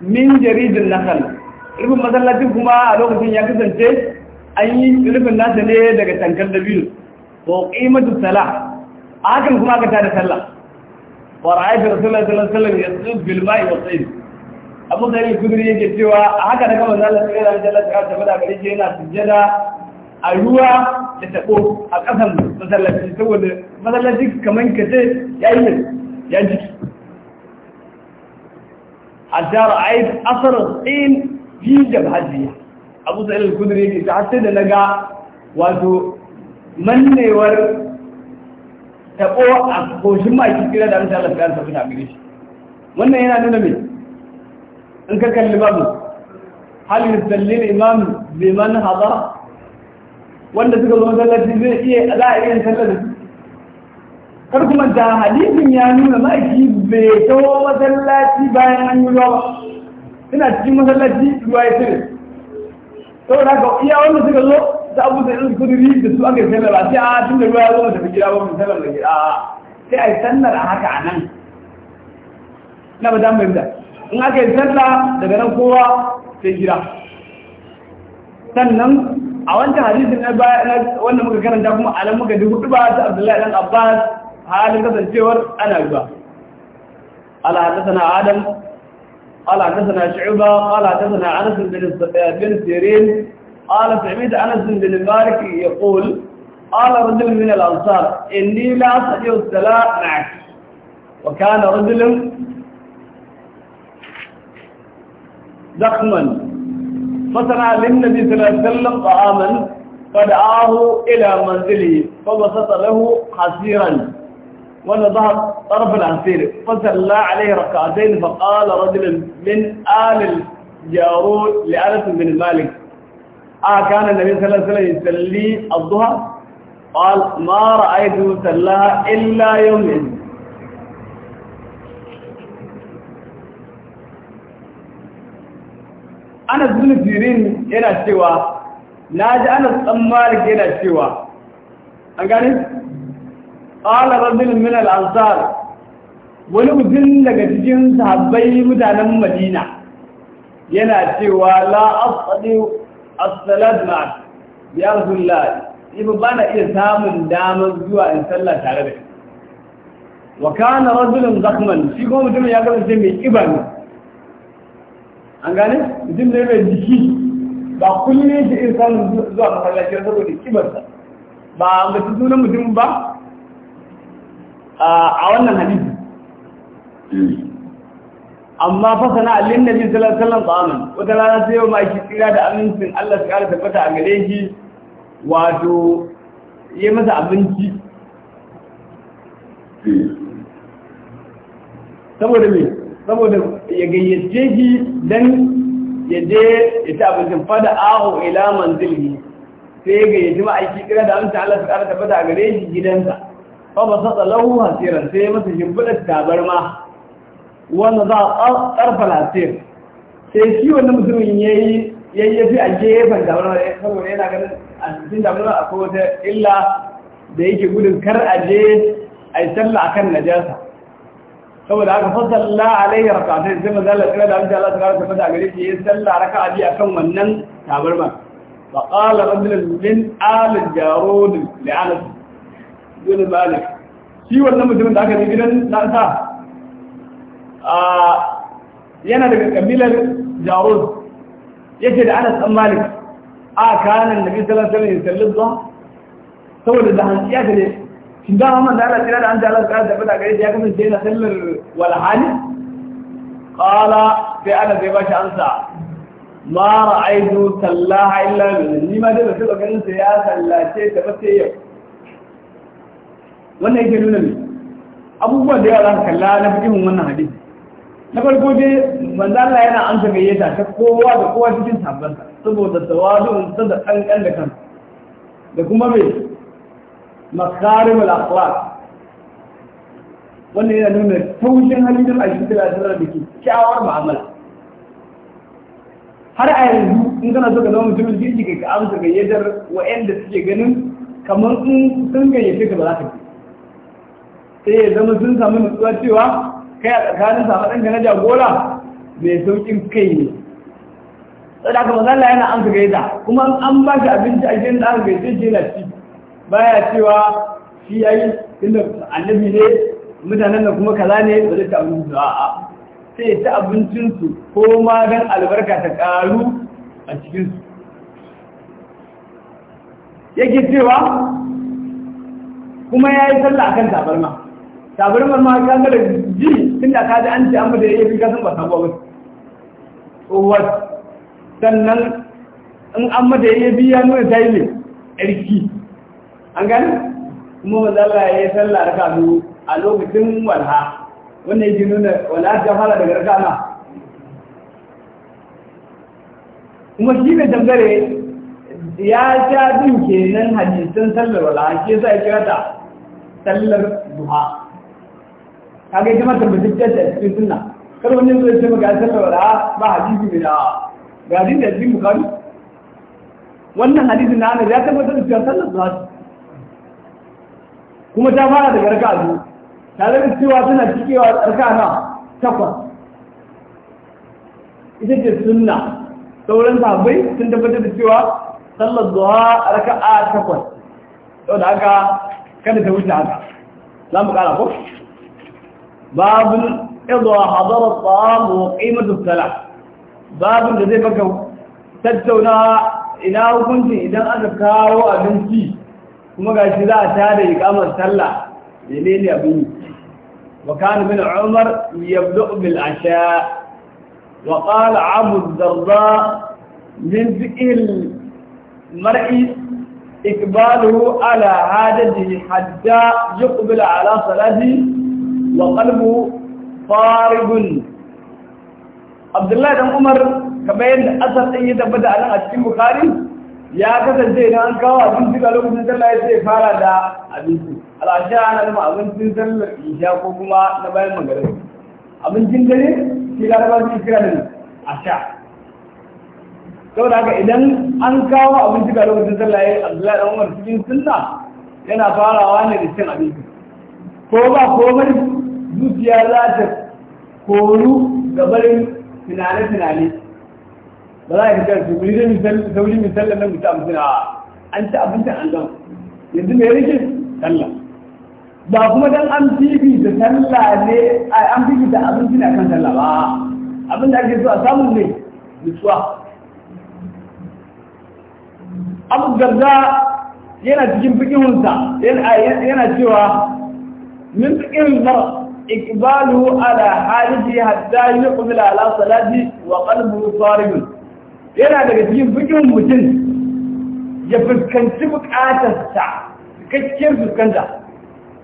min jaridin nakal rufin masallacin kuma a lokacin ya kasance an yi rufin nasa ne daga tankar da dabino to qimatu salah hakan kuma aka tada sallah wa ra'aytu rasulullahi sallallahu alaihi wasallam yasjud bil ma'i wa sayd abu da yake kudiri yake cewa a haka da kamar Allah sai ran jalla ta ta bada gare yana sujjada a ruwa da tabo a kasan masallaci saboda masallaci kaman ka ce yayi ya jiki hatta ra'aytu asr al-qim fi jabhatihi abu sa'il al-kudri yake ta hatta da naga wato mannewar taɓo a koshin maki kira da mutane Allah ya sabu gare shi wannan yana nuna me in ka kalli babu hal yusalli al-imam biman hadara wanda suka zo masallaci zai iya za a iya sallar da su kar kuma da hadisin ya nuna maki bai taho masallaci bayan an yi ruwa ba ina cikin masallaci ruwa ya saboda haka iya wanda suka zo da abu da irin kuduri da su aka yi sallar ba sai a tun da ruwa ya zo tafi gida ba mun sallar da gida sai a yi sallar a haka a nan na ba dan bayyana in aka yi sallah daga nan kowa sai gida sannan a wancan hadisin na wanda muka karanta kuma alam muka ji hudu ba ta Abdullahi dan Abbas halin kasancewar ana ruwa ala hadathana Adam قال حدثنا شعبة قال حدثنا أنس بن آه، سيرين قال سعيد أنس بن مالك يقول قال رجل من الأنصار إني لا أستطيع الصلاة معك وكان رجل ضخما فصنع للنبي صلى الله عليه وسلم طعاما فدعاه إلى منزله فبسط له حسيرا وانا ظهر طرف الأنسير فسلى عليه ركعتين فقال رجل من آل الجارود لأنس بن مالك آه كان النبي صلى الله عليه وسلم يسلي الضحى قال ما رأيته سلاها إلا يوم أنا بن سيرين هنا سوى ناجي أنا بن مالك هنا أنا أنقاني qala rajulun min al-ansar wani mutum daga cikin sahabbai mutanen Madina yana cewa la asali as-salat ma'a ya rasulullah ibn bana iya samun damar zuwa in sallah tare da wa kana rajulun zakman shi kuma mutum ya kasance mai kiba ne an gane mutum ne mai jiki ba kullum ne shi in samun zuwa masallaci saboda kibarsa ba mutum sunan mutum ba a wannan hadisi amma fa sana alin nabi sallallahu alaihi wasallam ta'aman wata rana sai yau maki tsira da amincin Allah su kara tabbata a gare shi wato yi masa abinci saboda me saboda ya gayyace shi dan ya je ya ci abincin fada aho ila manzili sai ya ma aiki tsira da amincin Allah su kara tabbata a gare shi gidansa fa ba sata lahu hasiran sai masa shimfiɗa tabarma wanda za a ƙarfa lasir sai shi wanda mutumin ya yi ya fi a gefen damar da saboda yana ganin a cikin damar akwai wata illa da yake gudun kar a je a yi talla a kan najasa saboda aka fasalla a layyar sai zai mazala tsira da amince Allah su kara tafi da gare shi ya talla raka a biya kan wannan tabarma ba ƙala rajulun min alin jaro da la'anar Yana Malik shi wannan mutumin da aka je gidan nasa a yana daga yake da Anas dan Malik a kanan Nabi sallallahu alaihi wasallam saboda da hantsiya ta ne shin da Muhammad da Allah da an da Allah da ya kasance yana sallar walhali kala qala sai ana zai bashi ansa ma ra'aytu sallaha illa ni ma da ba ganin sa ya sallace ta ba sai yau wannan yake nuna ne abubuwan da yawa za ka kalla na fi fikimin wannan hadisi na farko dai manzo Allah yana amsa gayyata ta kowa da kowa cikin sabbansa saboda tawazu'un sa da kankan da kan da kuma mai makarimul akhlaq wannan yana nuna taushin halin da shi da tsara da ke kyawar mu'amala har a yanzu in kana so ka zama mutumin kirki ka amsa gayyatar wa'anda suke ganin kamar in sun gayyace ka ba za ka ji sai ya zama sun samu nutsuwa cewa kai a tsakanin samu ɗanka na jagora mai sauƙin kai ne sai da aka yana an kaga ita kuma an ba shi abinci a gidan da aka gaishe shi ci baya cewa shi ya yi tunda annabi ne mutanen da kuma kaza ne ba zai ta abinci da a'a sai ta abincinsu ko ma don albarka ta ƙaru a cikinsu yake cewa kuma ya yi sallah akan tabarma tabirin ma ka ga da ji tunda ka ji an ce an mata yayi ka san ba sabo gobe tsohuwa sannan in an mata yayi biya nuna ta yi ne yarki an gani kuma mazalla ya yi sallah da kanu a lokacin walha wannan yake nuna wala ta fara daga rakana kuma shi ne dangare ya sha din kenan hadisan sallar wala ke sa ya kira ta sallar duha kaga ita ma tabbatar da cikin sunna kada wannan zai ce maka asar wala ah, ba hadisi mai da ga hadisi da cikin bukari wannan hadisi na ana ya tabbatar da cewa sallar zuwa kuma ta fara daga raka'a a biyu tare da cewa suna cikewa raka'a na takwas ita ce sunna sauran sahabbai sun tabbatar da cewa sallar zuwa raka'a a takwas sau da haka kada ta wuce haka za mu kara ko باب إضوى حضر الطعام وقيمة السلع باب جزيبا كو تدتونا إله كنت إذا أذكاره أبنتي كما قال إذا أتاري إقامة السلع يليل أبني وكان من عمر يبدأ بالعشاء وقال عبد الضرداء من فئه المرء إقباله على عادته حتى يقبل على صلاته wa qalbu faribun Abdullahi dan Umar kamar yadda asar din ya tabbata a nan a cikin Bukhari ya kasance idan an kawo abinci ga lokacin sallah ya sai fara da abinci al'asha ana nufin abincin sallar isha ko kuma na bayan magariba abincin dare shi laraba su kira da sau da haka idan an kawo abinci ga lokacin sallah ya Abdullahi dan Umar cikin sunna yana farawa ne da cin abinci ko ba komai zuciya za ta koru ga barin tunane-tunane ba za a fitar su wuri da sauri misalin nan mutu amsin a an ci abincin an zan yanzu mai rikin sallah ba kuma dan an fifi da sallah ne an fifi da abinci na kan sallah ba abin da ake zuwa samun ne nutsuwa abu garda yana cikin fikihunsa yana cewa min fikihin zara إقباله على حاله حتى يقبل على صلاته وقلبه صارم yana daga cikin bikin mutum ya fuskanci bukatarsa cikakkiyar fuskanta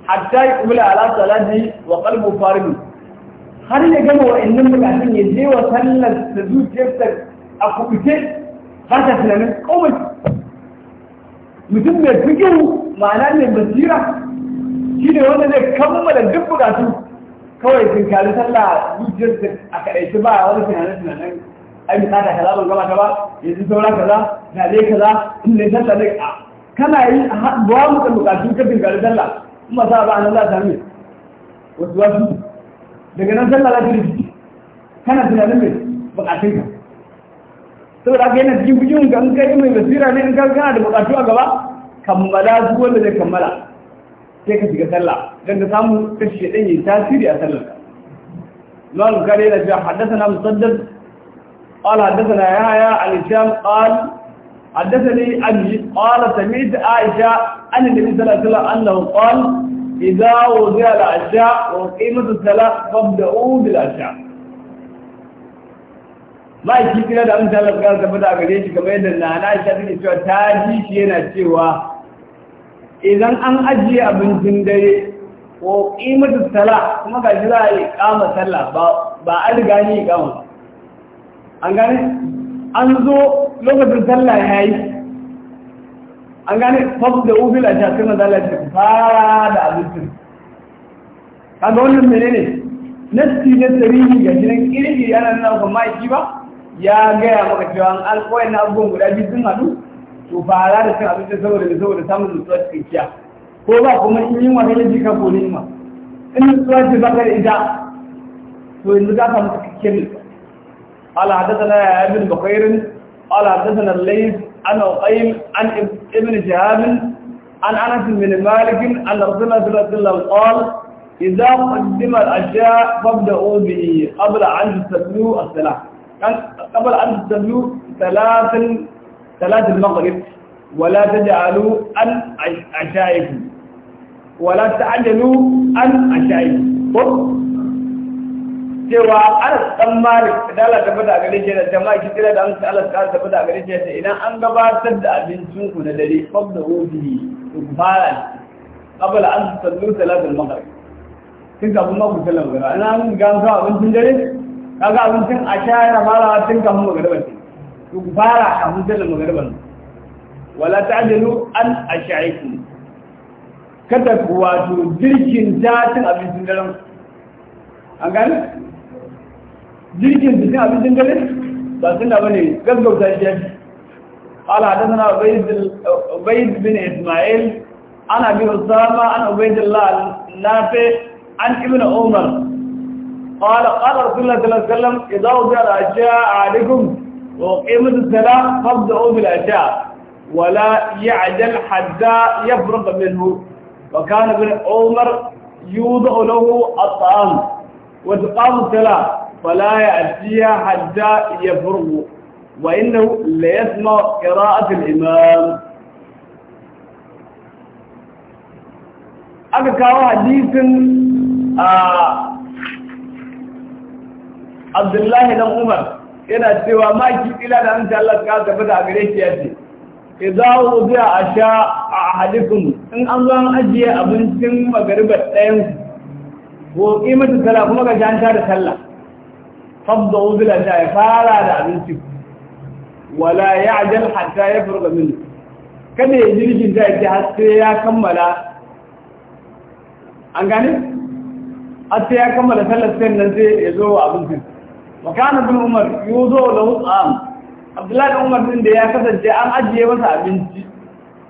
hatta yi kubula ala salati wa qalbu farid har ya gama wa'annan bukatun ya je wa sallar da zuciyarsa a kubuce har ta tunanin komai mutum mai fikiru ma'ana mai basira shi ne wanda zai kammala duk bukatu kawai sun sallah zuciyar su a kaɗaici ba wani tunanin tunanin aiki misali kaza ban gaba ta ba yanzu saura kaza na dai kaza in ne sallah ne a kana yi a haɗuwa muka bukatun ka bin sallah in ba sa ba a nan za ta ne wasu wasu daga nan sallah za ta rikici kana tunanin mai bukatun ka saboda haka yana cikin bujin ka in kai mai basira ne in ka kana da bukatu a gaba kammala su wanda zai kammala sai ka shiga sallah dan ka samu ka shedan yi tasiri a sallar ka Imam Bukhari yana cewa haddathana Musaddad qala haddathana haddasa al-Hisham qala haddathani Abi qala sami'tu Aisha anna Nabi sallallahu alaihi wasallam annahu qala idza wudi'a al-asha wa qimat as-salah fabda'u bil-asha Ma'aiki kira da an talar ta tabbata a gare shi kamar yadda na na shi ta cewa ta ji shi yana cewa idan an ajiye abincin dare ko ƙimatu sala kuma ga jira za a yi kama sallah ba an riga ni kama an gane an zo lokacin sallah ya yi an gane fafi da ubil a shafin na zala fara da abincin kaga wannan mene ne nasti na tarihi ga jiran kirki yana nuna kuma ma'aiki ba ya gaya maka cewa an alkawai na abubuwan guda biyu sun haɗu to fara da cin abinci saboda da saboda samun nutsuwa cikakkiya ko ba kuma in yi wani yaji ka ko ma in nutsuwa ce baka da ita to yanzu za ka mutu cikakken nutsuwa ala hadasana ya yi bin bakairin ala hadasana lais an uqayl an ibn jihab an anas bin malik an rasulullah sallallahu alaihi wasallam qala idza qaddima al-asha fabda'u bihi qabla an tasallu as-salah kan qabla an tasallu thalathan salatul maghrib wala taj'alu an ashaiku wala ta'jalu an ashaiku ko cewa ana tsammanin da Allah ta fada gare shi da jama'a ki tsira da amsa Allah ta ta fada gare shi idan an gabatar da abincin ku na dare fabda ubi ku fara qabla an tusallu salatul maghrib kin ga mun ku sallama gara ina an ga abincin dare kaga abincin ashaya na fara tun kafin magriba ku fara kafin da magariban wala ta'jalu an ashaikum kada ku wato jirgin datin abincin daren an gani? Jirgin jikin abincin dare ba suna ba ne gaggauta قال حدثنا عبيد بن اسماعيل عن ابي اسامه عن عبيد الله النافع عن ابن عمر قال قال رسول الله صلى الله عليه وسلم اذا عليكم وقيمة الصلاة قبضه بالعشاء ولا يعجل حتى يفرق منه وكان ابن عمر يوضع له الطعام وتقام الصلاة فلا يأتيها حتى يفرق وإنه ليسمع قراءة الإمام aka حديث آه عبد الله بن عمر yana cewa ma ki ila da anta Allah ka tafi da gare ki yace idza wudiya asha ahadikum in an zo an ajiye abincin magariba ɗayan ko kimanta sallah kuma ga janta da sallah fabda wuzila ta yi fara da abinci wala ya'jal hatta yafruga minhu kada ya jirgin da yake har sai ya kammala an gane har sai ya kammala sallar sai nan sai ya zo abincin wa kana bin umar yuzo lahu ta'am abdullahi da umar din da ya kasance an ajiye masa abinci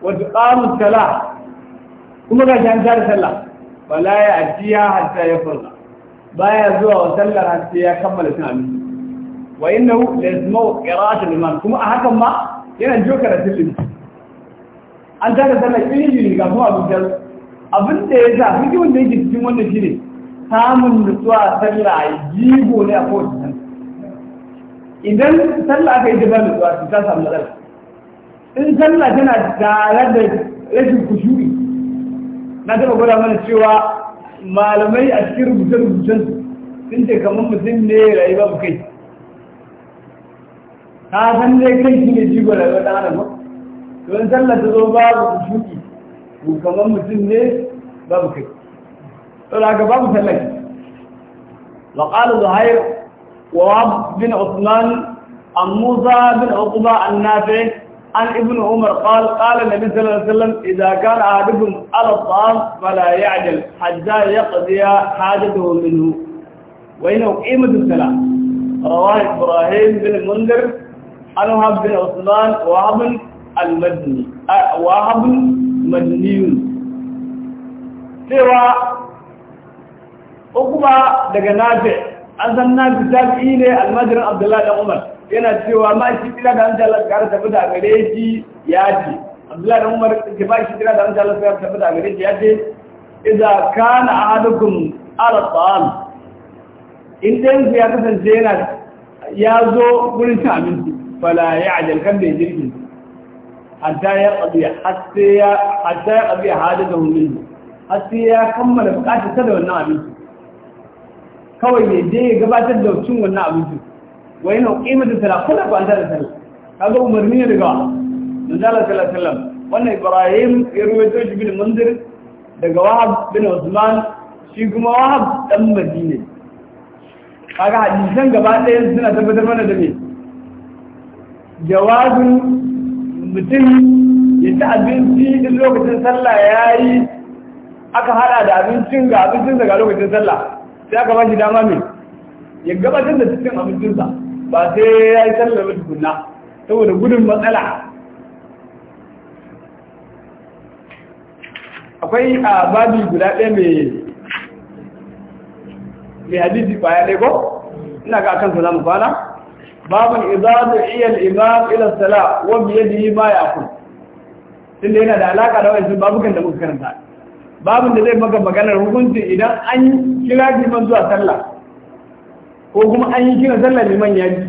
wa tuqamu sala kuma ga shi an tare sallah wala ya ajiya hatta ya fara baya zuwa wa sallar har ya kammala cin abinci wa innahu la yasma'u qira'at al-imam kuma a hakan ma yana jiyo karatun limami an tare sallar injini ga kuma abin abin da ya sa hikimin da yake cikin wannan shi ne. samun nutsuwa sallah jigo ne a kowace idan sallah aka yi da ba cikin to ta samu matsala in sallah tana tare da rashin kushuri na taɓa gwada mana cewa malamai a cikin rubuce-rubucen sun ce kamar mutum ne rayuwa mu kai ta san ne kai shi ne jigo rayuwa ɗan adam to in sallah ta zo babu kushuri ko kamar mutum ne babu kai to da haka babu sallah wa qala zuhair وواب بن عثمان عن موسى بن عقبة عن نافع عن ابن عمر قال قال النبي صلى الله عليه وسلم إذا كان أحدكم على الطعام فلا يعجل حتى يقضي حاجته منه وإنه قيمة الصلاة رواه إبراهيم بن المنذر عن وهب بن عثمان وهب المدني وهب مدني cewa uku daga nafi azanna bi tabi'i ne almajirin abdullahi dan umar yana cewa ma shi tira da hanta Allah kare tafi da gare shi ya ce abdullahi dan umar ke ba shi tira da hanta Allah kare tafi da gare shi ya ce idza kana ahadukum ala tsawon? in dan ya kasance yana ya zo gurin ta abinci fala ya'jal kan bai jirgi hatta ya qadi hatta ya hatta ya qadi hadithu minhu hatta ya kammala bukatar ta da wannan abinci kawai ne je ya gabatar da cin wannan abinci wa yana qimatu sala kula ko an da sala kaga umarni ne daga manzo Allah sallallahu alaihi wasallam wannan Ibrahim ya ruwaito shi bin Munzir daga Wahab bin Usman shi kuma Wahab dan Madina kaga hadisan gaba ɗaya suna tabbatar mana da me jawabin mutum ya ci abinci din lokacin sallah ya yi aka hada da abincin ga abincin daga lokacin sallah sai aka ba dama mai ya gabatar da cikin abincinsa ba sai ya yi sallar ba tukunna saboda gudun matsala akwai a babi guda ɗaya mai mai hadisi kwaya ɗaya ko ina ga akan salamu kwana babin izadu iyal imam ila sala wa biyadihi ma yaqul tunda yana da alaka da wannan babukan da muka karanta babin da zai maga maganar hukunci idan an yi kira liman zuwa sallah ko kuma an yi kira sallah liman ya ji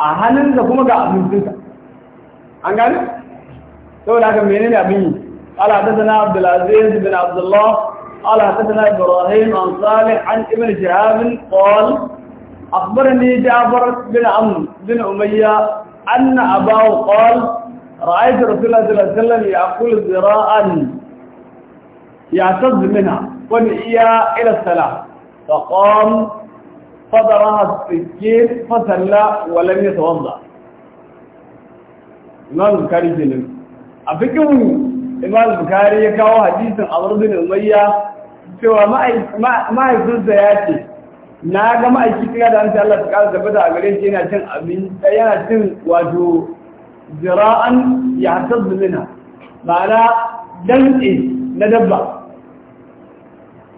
a hannunsa kuma ga abincinsa an gani? saboda haka mene ne abin yi ala hata na abdulaziz bin abdullah ala hata na ibrahim an sale an ibn shahabin qol akhbarani jafar bin amr bin umayya anna abahu da ra'aytu rasulullah sallar ya wasallam ya'kulu zira'an يعتز منها iya إلى السلام فقام فضرها السجين فسلى ولم يتوضا إمام البخاري جنب أفكر إمام البخاري يكاو حديث A بن أمية cewa mahaifinsa ya ce na ga ma'aiki kira da hanta Allah ta kara tabbata a gare shi yana cin abin yana cin wato jira'an ya hatar zumina ma'ana dantse na dabba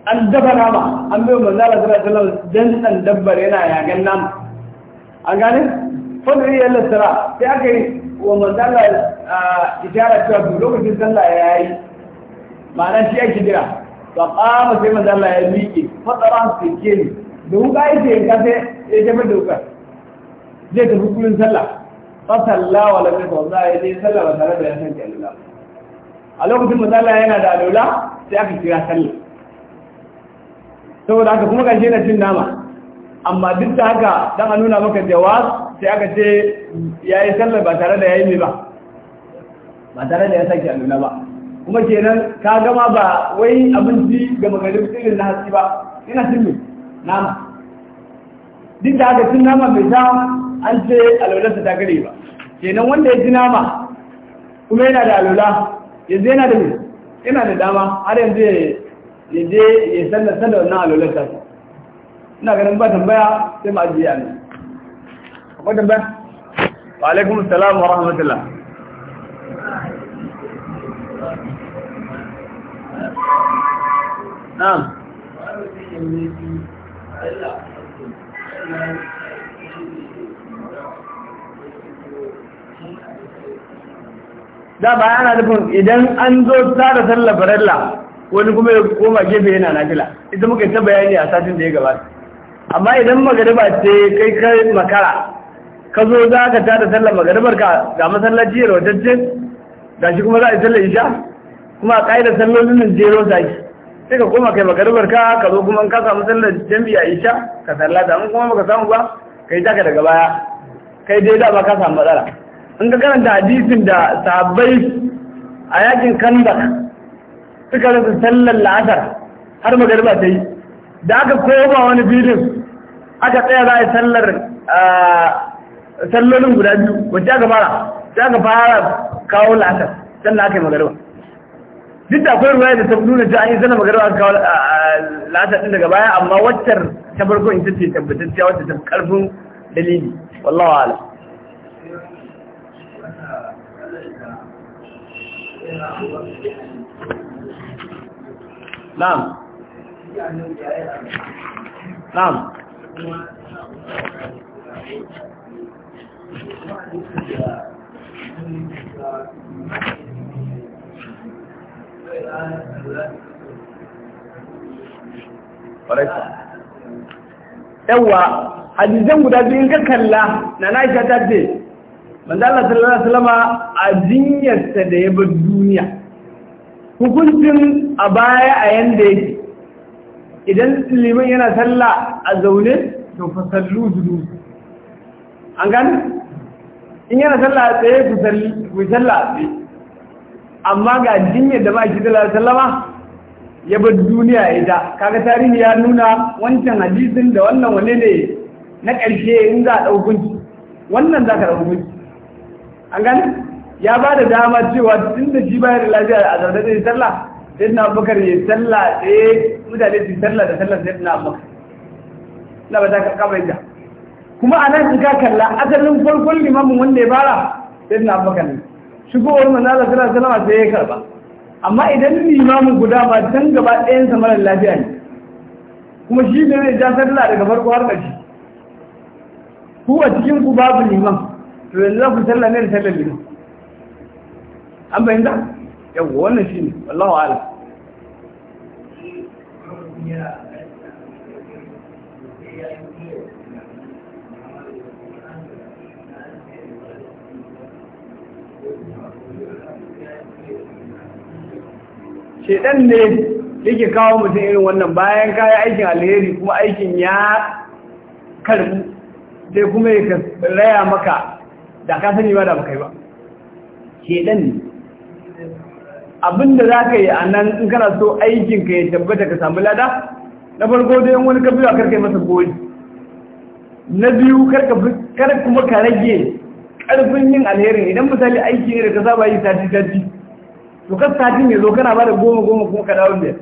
an dafa nama an bai manzala Allah sallallahu alaihi wasallam dan dabbar yana yagen nama an gane fadri ya lasara sai aka yi wa manzala a ishara cewa duk lokacin sallah ya yi ma'ana shi yake jira fa qama sai manzo Allah ya miƙe fadara su ke ni da wuka ce yanka sai ya tafi da wuka zai tafi kullun sallah fa sallah wa za a yi je sallah ba tare da ya san Allah a lokacin manzo yana da alula sai aka kira sallah saboda haka kuma ƙarshe na cin nama amma duk da haka dan a nuna maka jawab sai aka ce ya yi sallar ba tare da ya yi ba ba tare da ya sake nuna ba kuma kenan ka gama ba wai abinci ga magalin irin na hatsi ba ina cin mai nama duk da haka cin nama bai sa an ce alwalarsa ta gare ba kenan wanda ya ci nama kuma yana da alula yanzu yana da yana da dama har yanzu ya dai ya sanar sanar wannan alolata ina ganin ba tambaya sai ma ajiye a akwai tambaya wa alaikum salam wa rahmatullah na'am da ba yana nufin idan an zo tsara sallar farilla wani kuma ya koma gefe yana nafila ita muka ta bayani a satin da ya gabata amma idan magariba ce kai kai makara ka zo za ka tada sallar magaribar ka ga masallaci ya rawancin ga shi kuma za a yi sallar isha kuma a ƙa'idar sallolin nan jero saki sai ka koma kai magaribar ka ka zo kuma in ka samu sallar jambi a isha ka sallata in kuma baka samu ba ka yi taka daga baya kai dai da ba ka samu matsala in ka karanta hadisin da sahabbai a yakin kandak suka rasa sallar la'asar har magariba ta yi da aka koma wani filin aka tsaya za a yi sallar sallolin guda biyu wacce aka fara za aka fara kawo la'asar sannan aka yi magariba duk da akwai ruwaya da ta nuna cewa an yi sanar magariba aka kawo la'asar ɗin daga baya amma waccar ta farko in ta ce tabbatacciya wacce ta karfin dalili wallawa ala Thank you. na'am na'am yawwa hadisan guda biyun ka kalla na na ta ce manzo sallallahu a jinyarsa da ya bar duniya hukuncin a baya a yanda yake idan liman yana sallah a zaune to fa sallu dudu an gani in yana sallah a tsaye ku sallah a tsaye amma ga jinyar da ba shi da sallama ya bar duniya ita kaga tarihi ya nuna wancan hadisin da wannan wane ne na ƙarshe in za a ɗaukunci wannan za ka ɗaukunci an gani ya ba da dama cewa tun da shi bayar lafiya a zaune zai sallah sai na bakar ya sallah ɗaya eh, mutane su sallah da sallah sai na bakar na ba ta kaba ita kuma a nan ka kalla asalin farkon limamin wanda ya fara sai na bakar ne shigowar manzala sallah sallama sai ya karba amma idan limamin guda ba can gaba ɗayan sa marar lafiya ne kuma shi ne zai ja sallah daga farko har ƙarshe ku a cikin ku babu liman to yanzu za ku sallah ne da sallar liman an da yau wannan shi ne wallahu ala shedan ne yake kawo mutum irin wannan bayan kayan aikin alheri kuma aikin ya karbi sai kuma ya raya maka da ka sani ba da makai ba shaidan. ne abinda za ka yi a nan in kana so aikinka ya tabbata ka samu lada na farko dai wani ka karka a karka masa goyi na biyu kar kuma ka rage karfin yin alherin idan misali aiki ne da ka saba yi sati sati to kan sati ne zo kana ba da goma goma kuma ka dawo biyar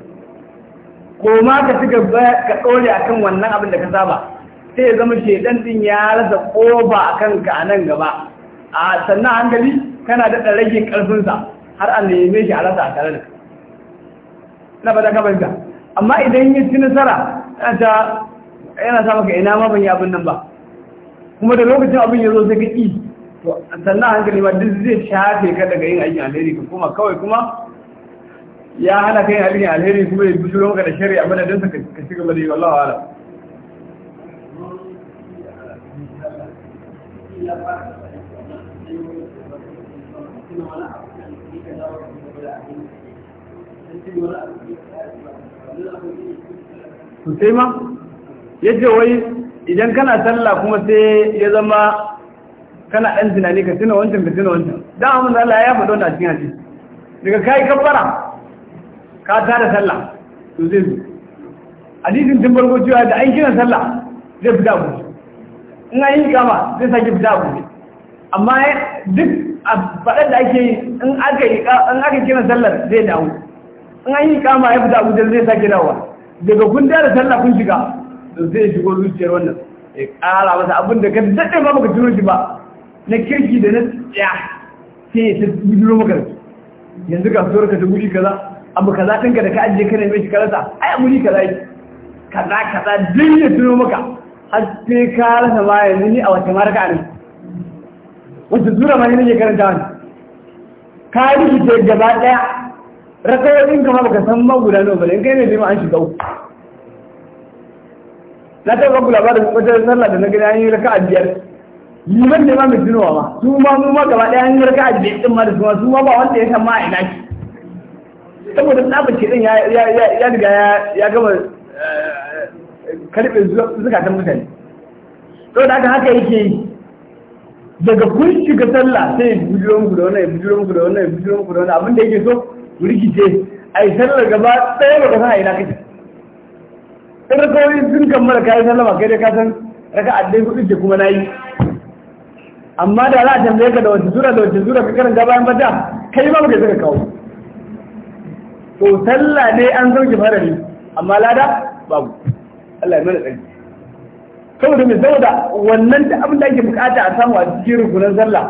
ko ma ka ci gaba ka ɗore akan wannan abin da ka saba sai ya zama shedan din ya rasa ƙofa a kanka a nan gaba a sannan hankali kana daɗa rage ƙarfinsa har an neme shi a rasa a tare da kai na ba ta ka banta amma idan yi ci nasara ta yana sa maka ina ma ban yi abin nan ba kuma da lokacin abin ya zo sai ka ƙi to sannan hankali ma duk zai shafe ka daga yin aikin alheri ka kuma kawai kuma ya hana kai aikin alheri kuma ya bishiro ka da shari'a mana don ka shiga ba da yi wallahi wala Thank you. sosai ma ya ce wai idan kana sallah kuma sai ya zama kana ɗan tunani ka tuna wancan ka tuna wancan don amma da ya faɗo na cikin hajji daga kayi kafara ka tara sallah to zai zo hadisin tun farko cewa da an kira sallah zai fita ku in an yi kama zai sake fita ku amma duk a faɗar da ake yi in aka kira sallah zai dawo in an yi kama ya fita abuja zai sake dawowa daga kun da sallah kun shiga to zai shigo zuciyar wannan ya kara masa abin da ka daɗe ba baka turo shi ba na kirki da na tsaya sai ya ta bidiro maka da yanzu ka fitowar ka ta kaza abu kaza ka da ka ajiye kana mai shi karasa ai a kaza yi kaza kaza duk ya tuno maka har sai ka rasa ma yanzu ni a wata ka ne wata tura ma ne nake karanta wani ka rikice gaba ɗaya Rakayoyin kama baka san maguda nawa bane in kai ne zai an shiga uku na ta baku labarin wata sallah da na gani an yi raka'a biyar liman ne ma mai tunowa ma su ma mu ma gaba ɗaya an yi raka'a biyar din ma da su ma su ma ba wanda ya san ma a ina shi saboda na ce din ya riga ya gama eh, karɓe zukatan mutane saboda da haka yake yi daga kun shiga sallah sai ya bujiro muku da wannan ya bujiro muku da wannan ya bujiro muku da wannan abin da yake so rikice a yi sallar gaba ɗaya ba yi san a ina kake sun kammala kayan sallama kai dai kasan raka addai kuɗi ce kuma na yi amma da za a tambaye ka da wace zura da wace zura ka gaba bayan bata kai ma baka saka kawo to sallah ne an sauke farari amma lada babu Allah ya mana tsari saboda mai saboda wannan da abin da ake bukata a samu a cikin rukunan sallah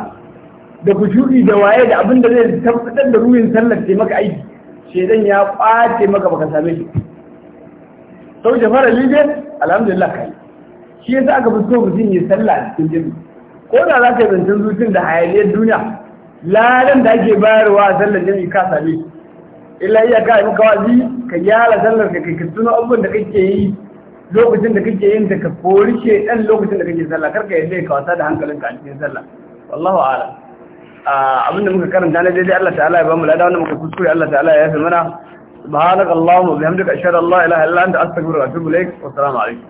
da kushuri da waye da abin da zai tabbatar da ruhin sallar ce maka aiki dan ya kwace maka baka same shi sau da fara alhamdulillah kai shi yasa aka fi so mutum ya sallah a cikin jami'i ko da za ka yi zancen zuciyar da hayaniyar duniya ladan da ake bayarwa a sallar jami'i ka same shi illa iya ka yi maka wazi ka gyara sallar ka kai ka tuno abubuwan da kake yi lokacin da kake yin ta ka kori ɗan lokacin da kake sallah kar ka yadda ka wasa da hankalinka a cikin sallah wallahu a'lam abinda muka karanta na daidai Allah ta'ala ya bamu lada wanda muka kuskure Allah ta'ala ya yafe mana subhanakallahumma bihamdika ashhadu an la ilaha illa anta astaghfiruka wa atubu ilaik wa assalamu alaikum